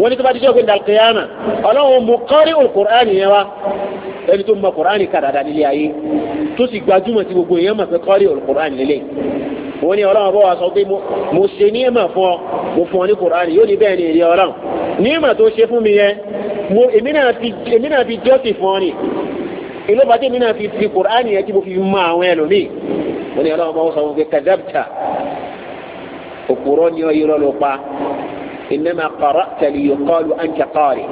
wọ́n ní tó bá díjọ́ pé dàlkìyàmà ọlọ́run mú kọ́rí olùkùránì yẹn wá ẹni tó mọ kùránì kàdàdà nílé ayé tó sì gbajúmọ̀ sí gbogbo èèyàn mọ̀ pé kọ́rí olùkùránì nílé wọ́n ní ọlọ́run bọ́ wa sọ pé mo ṣe ní ẹ̀mà fún ọ mo fún ọ ní kùránì yóò ní bẹ́ẹ̀ ni èrè ọlọ́run ní ẹ̀mà tó ṣe fún mi yẹn èmi náà fi jọ́sìn fún ọ ni ìlú bàtí èmi náà fi fi kùránì yẹn tí mo fi mọ àwọn ẹlòmíì wọ́n ní ọlọ́run bọ́ wa sọ pé kàdàbta innama qara'ta li yuqalu anka qari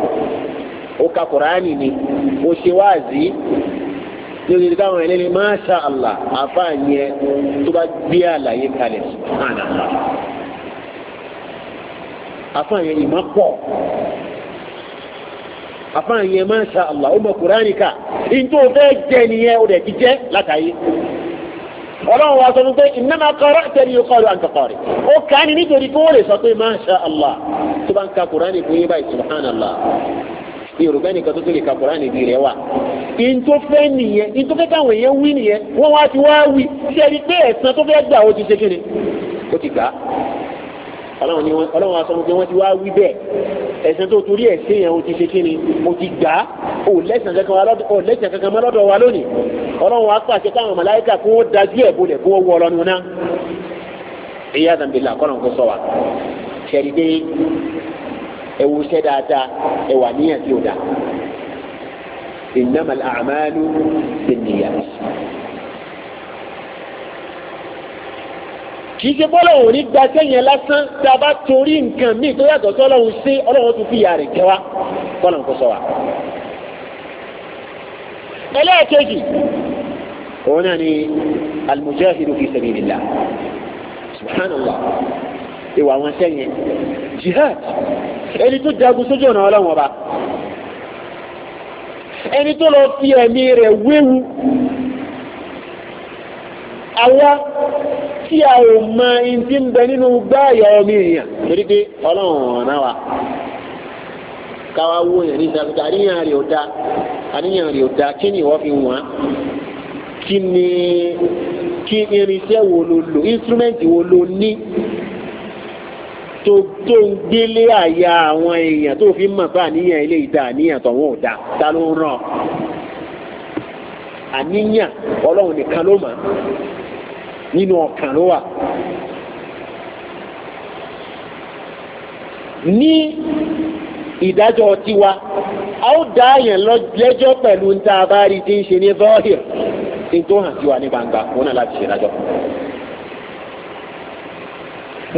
ó ka kùránì ni ó ṣe wáàzí lórí ìdíkà àwọn ẹlẹ́ni masha Allah àfààní ẹ tó bá gbé àlàyé kalẹ̀ subhanallah àfààní ìmọ̀ pọ̀ àfààní masha Allah ó mọ kùránì ká ní tó fẹ́ jẹ nìyẹn ó dẹ̀ ti jẹ́ látàyé ọlọ́run wa sọ fún pé innama qara'ta li yuqalu anta qari ó kà á ní nítorí pé ó lè sọ pé masha Allah tó bá ń ka kùránì fún yín báyìí subhanallah yorùbá nìkan tó tó lè ka kùránì bí rẹ wà. ìntòfẹ́ nìyẹn ìntòfẹ́ káwọn èèyàn wí nìyẹn wọ́n wá ti wá wí sẹ́ni pé ẹ̀sán tó fẹ́ gbà ó ti ṣe kíni ó ti gbà á ọlọ́run aṣọ ọmọdé wọ́n ti wá wí bẹ́ẹ̀ ẹ̀sìn tó torí ẹ̀sìn yẹn o ti ṣe kí ni ti gbà á o lẹ́sìn kankan mọ́ lọ́dọ̀ wa lónìí ọlọ́run wa pàṣẹ káwọn màláíkà kó wọ́n da díẹ̀ bolẹ̀ kó wọ́n wọ ọlọ́nu náà èyí àdàbìlà kọ́nà kó sọ wa ṣẹ̀rí dé ẹ̀wù iṣẹ́ dáadáa ẹ̀wà níyàn tí ó dáa innamal a'malu binniyat. kì í ṣe bọ́lá òun ní gba sẹ́yìn lásán tá a bá torí nǹkan míì tó yàtọ̀ sí sí ọlọ́run tó fi yàrá ìkẹwà kọ́nà kó sọ wa ẹlẹ́ẹ̀kejì òun náà ni almujahidu fi sabilillah subhanallah ìwà àwọn sẹ́yìn jihad ẹni tó jagun sójú ọ̀nà ọlọ́run ọba ẹni tó lọ fi ẹ̀mí rẹ̀ wéwu àwa tí a ò mọ ìdí ń bẹ nínú gbáàyà ọmọ èèyàn torí pé ọlọ́run ọ̀nà káwá wó yẹn ní ìsàkùtà àníyàn rẹ̀ ò àníyàn rẹ̀ ò kí ni ìwọ fi wọ́n kí ni kí irinṣẹ́ wo ló lò instrument wo ló ní tó tó ń gbélé àyà àwọn èèyàn tó fi mọ̀ pé àníyàn ilé ìdá àníyàn tọ̀wọ́n ò ta ló ń ràn àníyàn ọlọ́run nìkan ló mọ̀ nínú ọkàn ló wà. ní ìdájọ́ tiwa a ó dá àyàn lẹ́jọ́ pẹ̀lú ń tá a bá rí ti ń ṣe ní zọ́ọ̀hìr tí tó hàn sí wa ní gbangba wọn náà láti ṣe dájọ́.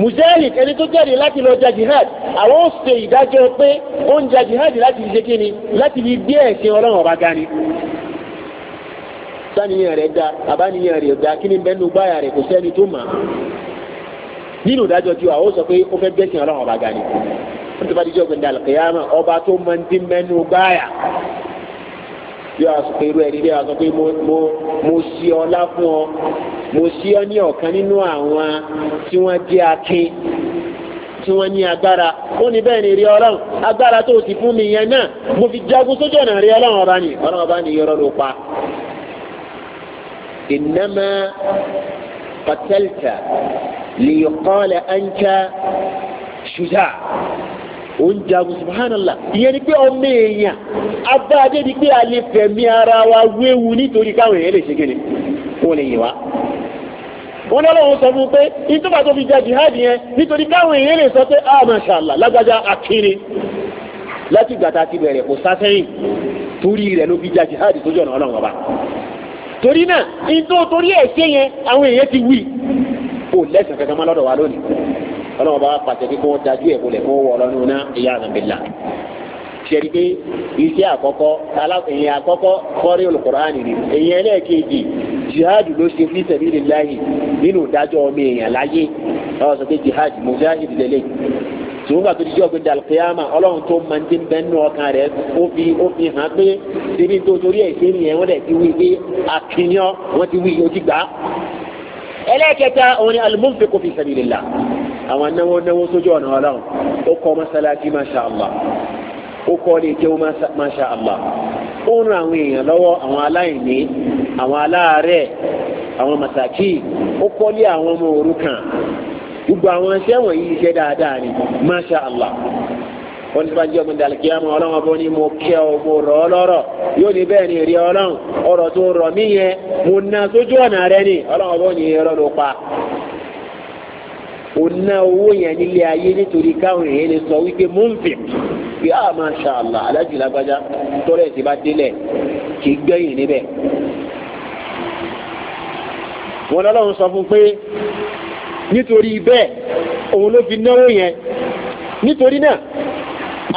mujahid ẹni tó jáde láti lọ ja jihad àwọn ó ṣe ìdájọ́ pé ó ń ja jihad láti fi ṣe kí ni láti fi bí ẹ̀sìn ọlọ́run ọba gani saniyan rẹ̀ da abaniyan rẹ̀ da kí ni bẹ́ẹ̀ nu gbáyà rẹ̀ kò sẹ́ni tó mà nínú ìdájọ́ tiwa ó sọ pé ó fẹ́ bẹ́sìn ọlọ́run ọba gani wọ́n ti bá díjọ́ gbẹ̀ndẹ̀ àlùkìyàmà ọba tó mọ ti mẹ́nu yóò wá pé irú ẹni yóò wá pé mo mo mo ṣí ọlá fún ọ mo ṣí ọ ní ọ̀kan nínú àwọn tí wọ́n jẹ́ akin tí wọ́n ní agbára ó ní bẹ́ẹ̀ ni rí ọlọ́run agbára tó ti fún mi yẹn náà mo fi jagun sójú ọ̀nà rí ọlọ́run ọba ni ọlọ́run ọba ni yọrọ ló pa. ìnáma pàtẹ́lìtà lè kọ́ ọ́ lẹ́ ànjá ṣùjà. ó ń jagun subhanallah ìyẹn ni pé ọmọ èèyàn ni pé a lè ara wa wéwu nítorí káwọn èèyàn lè ṣe gẹ́lẹ̀ kó lè yìí wá wọ́n ní ọlọ́run sọ fún pé ìtọ́fà tó fi ja jihad yẹn nítorí káwọn èèyàn lè sọ pé ah mashallah lágbájá akínni láti gbàtà ti bẹ̀rẹ̀ kò sásẹ́yìn torí rẹ̀ ló fi ja jihad tó jọ̀nà ọlọ́run ọba torí náà torí ẹ̀ ṣe yẹn àwọn èèyàn ti wí wa lónìí ọlọ́wọ́n bá pàṣẹ pé kó dájú ẹ̀ bolẹ̀ kó wọ ọlọ́nu náà ìyá àzàmbìlà sẹ́ni pé iṣẹ́ àkọ́kọ́ ìyẹn àkọ́kọ́ kọ́rí olùkọ́ránì ni èyí ẹlẹ́ẹ̀kejì jihad ló ṣe fi sabilillahi nínú ìdájọ́ ọmọ èèyàn láyé ọ̀rọ̀ sọ pé jihad mujahid lélẹ̀ tòwúgbà tó dijọ́ pé dàlùkìyàmà ọlọ́run tó máa ń dín bẹ́ẹ̀ nù ọkàn rẹ̀ ó fi ó fi hàn pé síbi tó torí ẹ̀ nìyẹn wọ́n dẹ̀ ti wí pé akínyàn wọ́n ti wí ó gbà á òun ni alimufi kò fi sabilillah àwọn náwó náwó sójú ọ̀nà ọlọ́run ó kọ́ mọ́sálásí masha allah ó kọ́ ilé ìjẹun masha allah ó ń ran àwọn èèyàn lọ́wọ́ àwọn aláìní àwọn aláàárẹ̀ àwọn masaki ó kọ́lé àwọn ọmọ òrukàn gbogbo àwọn iṣẹ́ wọ̀nyí iṣẹ́ dáadáa ni masha allah wọ́n ti bá jẹ́ ọmọdé alikiyama ọlọ́run ọbọ ni mo kẹ́ ọ mo rọ̀ ọ́ lọ́rọ̀ yóò ní bẹ́ẹ̀ ni èrè ọlọ́run ọ̀rọ̀ tó rọ̀ mí yẹn mo ná sójú ọ̀nà rẹ ni ọlọ́run ọbọ ni ẹ̀rọ ló pa ó ná owó yẹn nílé ayé nítorí káwọn èèyàn lè sọ wípé munfiq bí a masha Allah alájú lágbájá tọrọ ẹ ti bá délẹ̀ kì í gbẹ̀yìn níbẹ̀. wọn lọ́lọ́run sọ fún pé nítorí bẹ́ẹ̀ òun ló fi náwó yẹn nítorí náà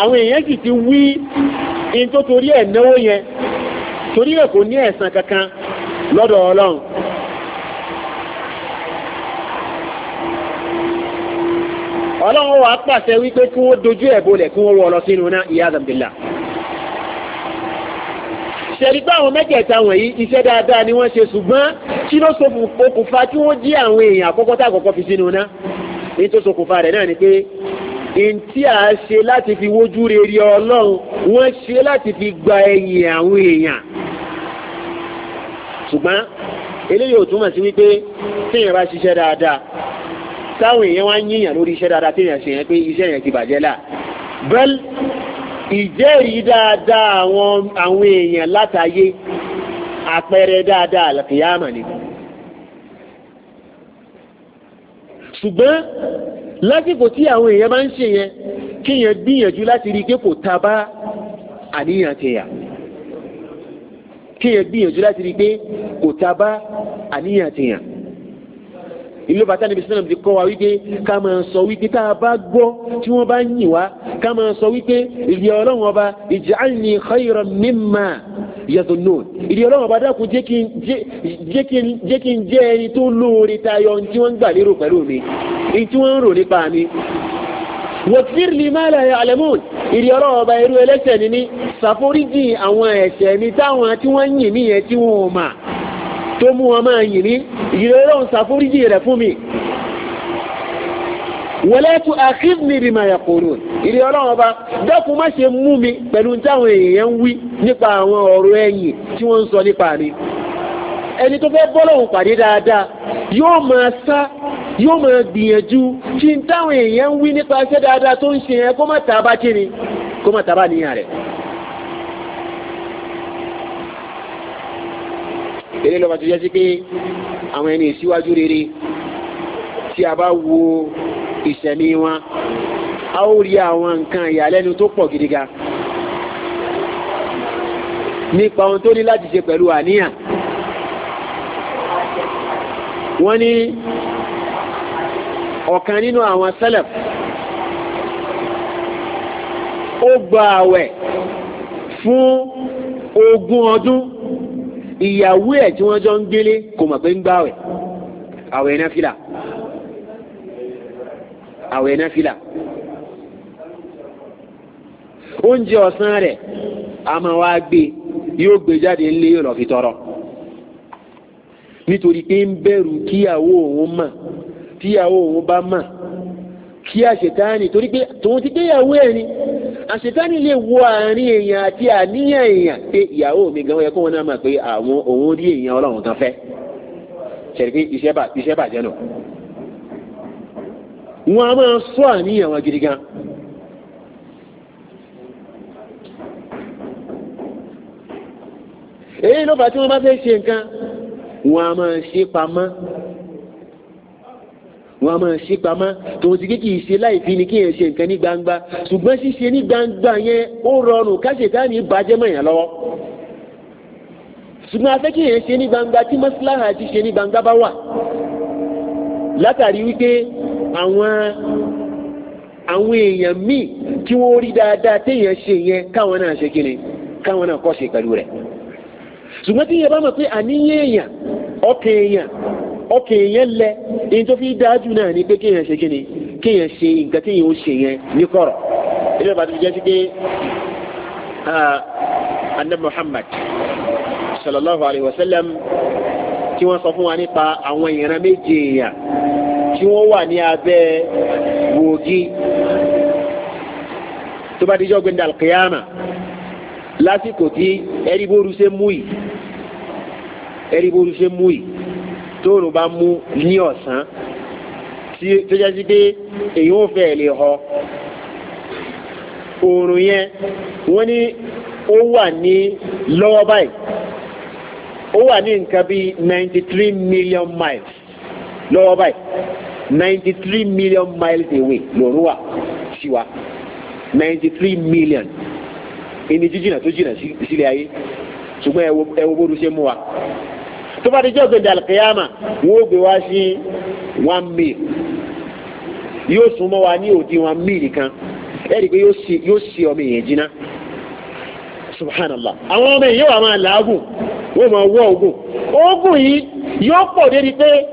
àwọn èèyàn sì ti wí in tó torí ẹ̀ náwó yẹn torí ẹ̀ kò ní ẹ̀san kankan lọ́dọ̀ Ọlọ́run. ọlọ́run wa pàṣẹ wípé kí wọ́n dojú ẹ̀ bolẹ̀ kí wọ́n wọ́ lọ sínú náà iyadhan billah ṣẹ̀rí pé àwọn mẹ́tẹ̀ẹ̀ta wọ̀nyí iṣẹ́ dáadáa ni wọ́n ṣe ṣùgbọ́n kí ló ṣokùnfà kí wọ́n jí àwọn èèyàn àkọ́kọ́ tá àkọ́kọ́ fi sínú náà èyí tó ṣokùnfà rẹ̀ náà ni pé èyí tí a ṣe láti fi wojú rere ọlọ́run wọ́n ṣe láti fi gba ẹ̀yìn àwọn èèyàn ṣùgbọ́n eléyìí ò túmọ̀ sí wípé téèyàn bá ṣiṣẹ́ dáadáa táwọn èèyàn wá ń yíyàn lórí iṣẹ́ dáadáa tí èèyàn ṣe yẹn pé iṣẹ́ yẹn ti bàjẹ́ là bẹ́ẹ̀ ìjẹ́rìí dáadáa àwọn èèyàn látàyé àpẹẹrẹ dáadáa àlàkìyàmà ni ṣùgbọ́n lásìkò tí àwọn èèyàn bá ń ṣe yẹn kí yẹn gbìyànjú láti rí pé kò ta bá àníyàn tẹ̀yà kí yẹn gbìyànjú láti rí pé kò ta bá àníyàn tẹ̀yàn ìlú bàtà níbi sinam ti kọ́ wa wípé ká máa sọ wípé tá a bá gbọ́ tí wọ́n bá yìn wá ká máa sọ wípé ìdí ọlọ́run ọba ij'alni khayran mimma yadhunnun ìdí ọlọ́run ọba dákun jẹ́ kí n jẹ́ ẹni tó lóore tayọ ní tí wọ́n ń gbà lérò pẹ̀lú mi ní tí wọ́n ń rò nípa mi wọ́tír lè máa láyé alẹ́mùn ìrì ọ̀rọ̀ ọba irú ẹlẹ́ṣẹ̀ ni ní ṣàforíjì àwọn ẹ̀ṣẹ̀ tó mú wọn máa yìn ní ìrẹ́ ọlọ́run ṣàforíjì rẹ̀ fún mi wọlẹ́tù àkíní bima yaqulun ìrẹ́ ọlọ́run ọba dẹ́kun má ṣe mú mi pẹ̀lú táwọn èèyàn ń wí nípa àwọn ọ̀rọ̀ ẹ̀yìn tí wọ́n ń sọ nípa mi ẹni tó fẹ́ bọ́lọ́hùn pàdé dáadáa yóò máa sá yóò máa gbìyànjú kí n táwọn èèyàn ń wí nípa iṣẹ́ dáadáa tó ń ṣe yẹn kó má tàbá kíni kó má tàbá níyàn rẹ̀ eré lọ́ba tó jẹ́ sí pé àwọn ẹni ìsíwájú rere tí a bá wo ìṣẹ̀mí wọn a ó rí àwọn nǹkan ìyàlẹ́nu tó pọ̀ gidi ga nípa ohun tó ní láti ṣe pẹ̀lú àníyàn wọ́n ní ọ̀kan nínú àwọn sẹ́lẹ̀f ó gba àwẹ̀ fún ogún ọdún ìyàwó ẹ̀ tí wọ́n jọ ń gbélé kò mọ̀ pé ń gbààwẹ̀ àwẹ̀ náfìlà àwẹ̀ náfìlà oúnjẹ ọ̀sán rẹ̀ a máa wá gbé yóò gbé jáde ńlé yóò lọ fi tọrọ nítorí pé ń bẹ̀rù kíyàwó òun mà tíyàwó òun bá mà kí àṣetáàní torí pé tòun ti gbéyàwó ẹ̀ ni àṣetánì lè wo àárín èèyàn àti àníyàn èèyàn pé ìyàwó mi gan yẹ kó wọn náà mọ̀ pé àwọn òun rí èèyàn ọlọ́run kan fẹ́ ṣẹ̀rí pé iṣẹ́ bàjẹ́ nù wọn a máa sọ àníyàn wọn gidi gan. èyí ló fà tí wọ́n bá fẹ́ ṣe nǹkan wọn a máa ṣe pamọ́ wọn a máa ṣe pamọ́ tòun ti kékeré ṣe láìfi ni kéèyàn ṣe nǹkan ní gbangba ṣùgbọ́n ṣíṣe ní gbangba yẹn ó rọrùn káṣetánì bàjẹ́ lọ́wọ́ ṣùgbọ́n afẹ́ kéèyàn ṣe ní gbangba tí mọ́síláhà ti ṣe ní gbangba bá wà látàrí wípé àwọn àwọn èèyàn míì tí wọ́n rí dáadáa téèyàn ṣe yẹn káwọn náà ṣe kíni káwọn náà kọ́ ṣe pẹ̀lú rẹ̀ ṣùgbọ́n tí yẹn bá mọ̀ pé àníyàn èèyàn ọkàn èèyàn ọkàn èèyàn lẹ èyí tó fi dáa jù náà ni pé kéèyàn ṣe kíni kéèyàn ṣe nǹkan téèyàn ó ṣe yẹn ní kọ̀rọ̀ ilé ìbàdàn jẹ́ sí pé anna Muhammad sallallahu alayhi wa sallam tí wọ́n sọ fún wa nípa àwọn ìran méje èèyàn tí wọ́n wà ní abẹ́ wògì tó bá dijọ́ gbẹ̀ndà alkiyama lásìkò tí ẹ̀rí bóoru ṣe mú yìí ẹ̀rí bóoru ṣe mú yìí tóòrùn bá mú ní ọ̀sán tó jẹ́ sí pé èyí ò fẹ́ lè họ oòrùn yẹn wọ́n ní ó wà ní lọ́wọ́ báyìí ó wà ní nǹkan bíi ninety three million miles lọ́wọ́ báyìí ninety three million miles away lòrùn wà sí wa ninety three million ẹni jíjìnà tó jìnà sílẹ̀ ayé ṣùgbọ́n ẹ wo bó ló ṣe mú wa. tubali jo gende alqiyama wo be washi wa mi yo sumo wa ni odi wa mi kan e ri si yo si o mi yen jina subhanallah awon me yo ma lagu wo ma wo ogun ogun yi yo po de ri pe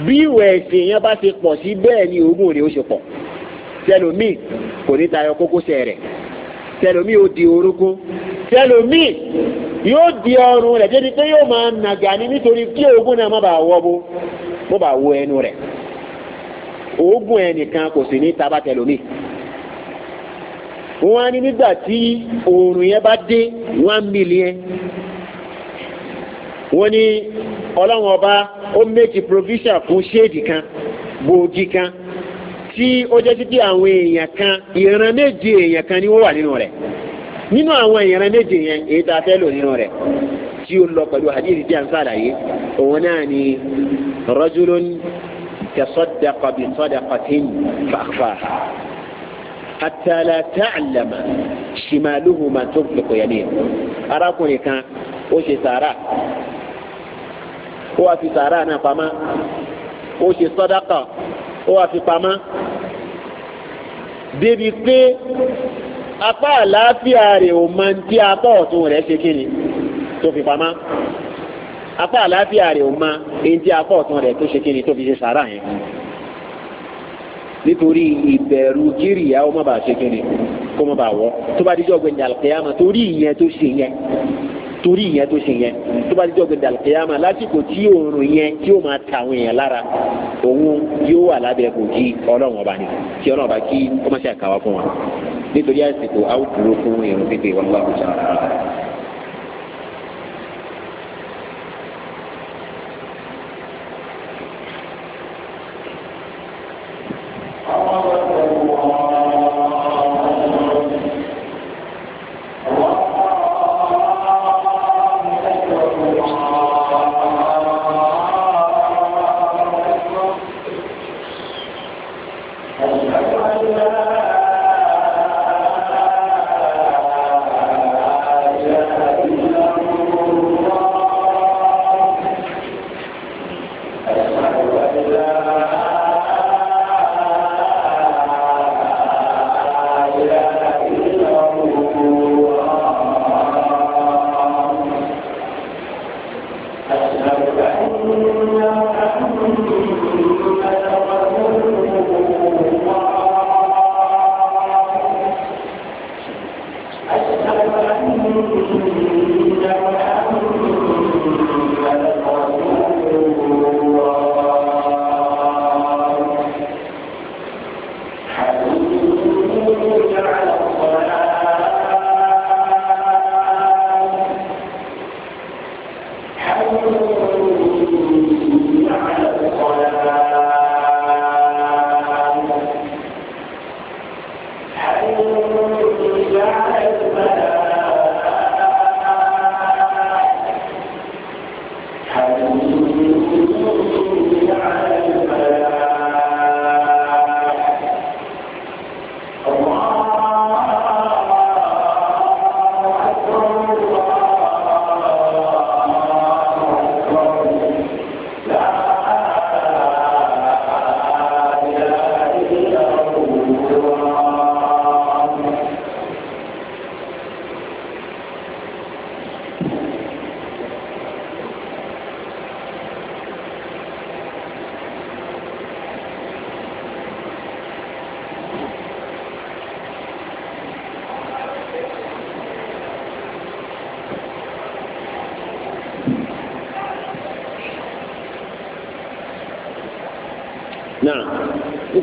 bi we se ba se po si be ni ogu ni o se po telomi kò ní tayọ kókó sẹrẹ telomi ò di orúkú telomi yóò di ọrùn rẹ débi pé yóò máa nàgà ní nítorí kí oògùn náà má bàa wọ́ bó má bàa wọ ẹnu rẹ̀ oògùn ẹnìkan kò sì ní tabatẹlómi wọ́n á ní nígbà tí oòrùn yẹn bá dé one million ọba ó méjì fún ṣéèdì kan boji kan tí ó jẹ́ títí àwọn èèyàn kan ìran méje èèyàn kan ni wọ́n wà nínú rẹ̀. nínú àwọn ìran méje yẹn èyí tá a fẹ́ lò nínú rẹ̀ tí ó lọ pẹ̀lú hadith tí a ń sàlàyé òun náà ni rajulun tasaddaqa bi sadaqatin fa'akhfaha hatta la ta'lama shimaluhu ma tunfiqu yaminuhu arákùnrin kan ó ṣe sàárà ó wá fi sàárà náà pamọ́ ó ṣe sàdákà ó wá fi pamọ́ débi pé apá àlàáfíà rẹ̀ ò mọ tí apá ọ̀tún rẹ̀ ṣe kí ni tó fi pamá apá àlàáfíà rẹ̀ ò mọ èyí tí apá ọ̀tún rẹ̀ tó ṣe kí ni tó fi ṣe sàárà yẹn nítorí ìbẹ̀rù gíríyà ó má ṣe kí ni kó má bàa wọ́ tó bá díjọ́ gbẹ̀yìn àlùkìyàmọ̀ torí ìyẹn tó ṣe yẹn torí ìyẹn tó ṣe yẹn tó bá dijọ́ gbẹdẹ àlùkìyàmà lásìkò tí òòrùn yẹn tí ó máa ta àwọn èèyàn lára òun yóò wà lábẹ́ bòjì ọlọ́run ọba ni kí ọlọ́run ọba kí ó má ṣe àkàwá fún wa nítorí àsìkò a ó dúró fún ìrun pípé wọn lọ́wọ́ ìjà rárá. Oh.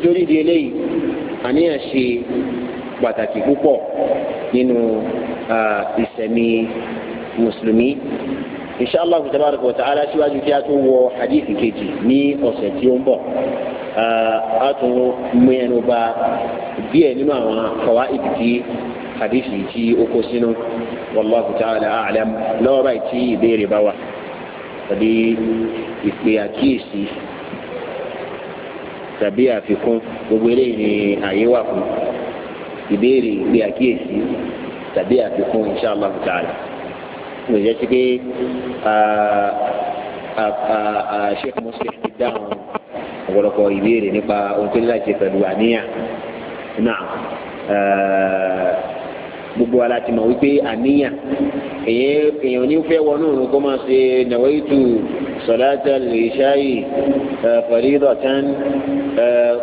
nítorí ìdí eléyìí àníyàn ṣe pàtàkì púpọ̀ nínú ìsẹ̀mí mùsùlùmí inshallah tabaraka wa ta'ala síwájú kí a tún wọ hadith kejì ní ọ̀sẹ̀ tí ó ń bọ̀ a tún mú ẹnu díẹ̀ nínú àwọn kọ̀wá ìbìtì hadith yìí tí ó kó sínú wallahu ta'ala a'lam lọ́wọ́ báyìí tí ìbéèrè bá wà tàbí ìpè àkíyèsí tàbí àfikún gbogbo eléyìí ni àyè wà fún ìbéèrè ìpè àkíyèsí tàbí àfikún inṣàlá ta'ala ló jẹ́ sí pé Sheikh Muslim ti dáhùn ọ̀pọ̀lọpọ̀ ìbéèrè nípa ohun tó ní láti ṣe pẹ̀lú àníyàn náà gbogbo ala ti mọ̀ wípé àníyàn èèyàn ní fẹ́ wọnú òun kó máa ṣe nàwẹ́yìtù. صلاة العشاء فريضة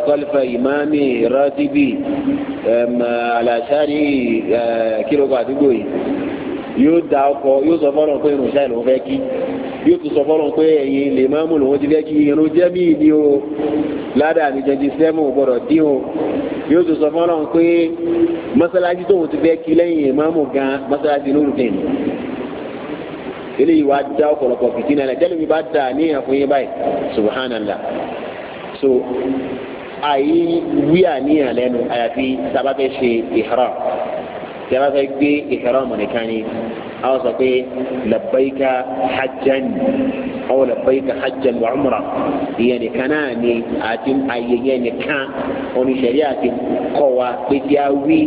خلف إمام راتب على شارع كيلو قاتبوي yóò da ọkọ yóò sọ fọlọ pé irun ṣáà lòún fẹ́ kí yóò tún sọ fọlọ pé ẹ̀yin lè máa mú lòún ti fẹ́ kí irun jẹ míì ni o ládàá mi jẹjẹ sẹmù gbọ́dọ̀ dín o yóò tún sọ fọlọ pé mọ́sálásí tóun ti fẹ́ kí lẹ́yìn ìmáàmù gan mọ́sálásí lórúkẹ nìyẹn eléyìí wá dá ọ̀pọ̀lọpọ̀ fìtínà rẹ̀ tẹ́lẹ̀ mi bá dà ní ìyàfún yín báyìí subhanallah so àyè wí àníyàn lẹ́nu àyàfi sábà fẹ́ ṣe ihram sábà fẹ́ gbé ihram nìkan ni àwọn sọ pé labbaika hajjan aw labbaika hajjan wa umra ìyẹn nìkan náà ni àti ayẹyẹ nìkan oníṣẹ̀rí àti kọ́ wa pé kí a wí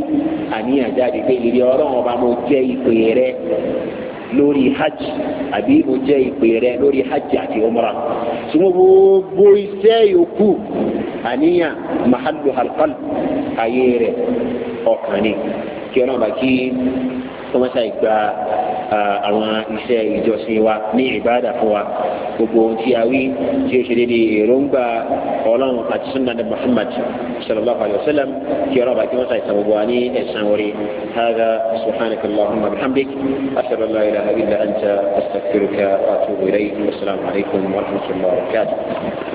àníyàn jáde pé ìrírí ọlọ́run ọba mo jẹ́ ìpè rẹ lórí hajj àbí mo jẹ́ ìpè rẹ lórí hajj àti umrah sùgbọ́n gbogbo iṣẹ́ yòókù àníyàn mahalu alqal ayé rẹ ọkàn ni kí ọlọ́run kí tọ́mọ́sá ìgbà àwọn iṣẹ́ ìjọsìn wa ní ìbáàdà fún wa gbogbo ohun tí a wí tí ó ṣe dédé èròǹgbà ọlọ́run àti sunnah ní muhammad sallallahu alayhi wa sallam kí ọlọ́run bá kí wọ́n ṣàìsàn gbogbo wa ní ẹ̀sán orí hadha subhanaka allahumma bihamdik ashhadu an la ilaha illa anta astaghfiruka wa atubu ilayk wa assalamu alaykum wa rahmatullahi wa barakatuh.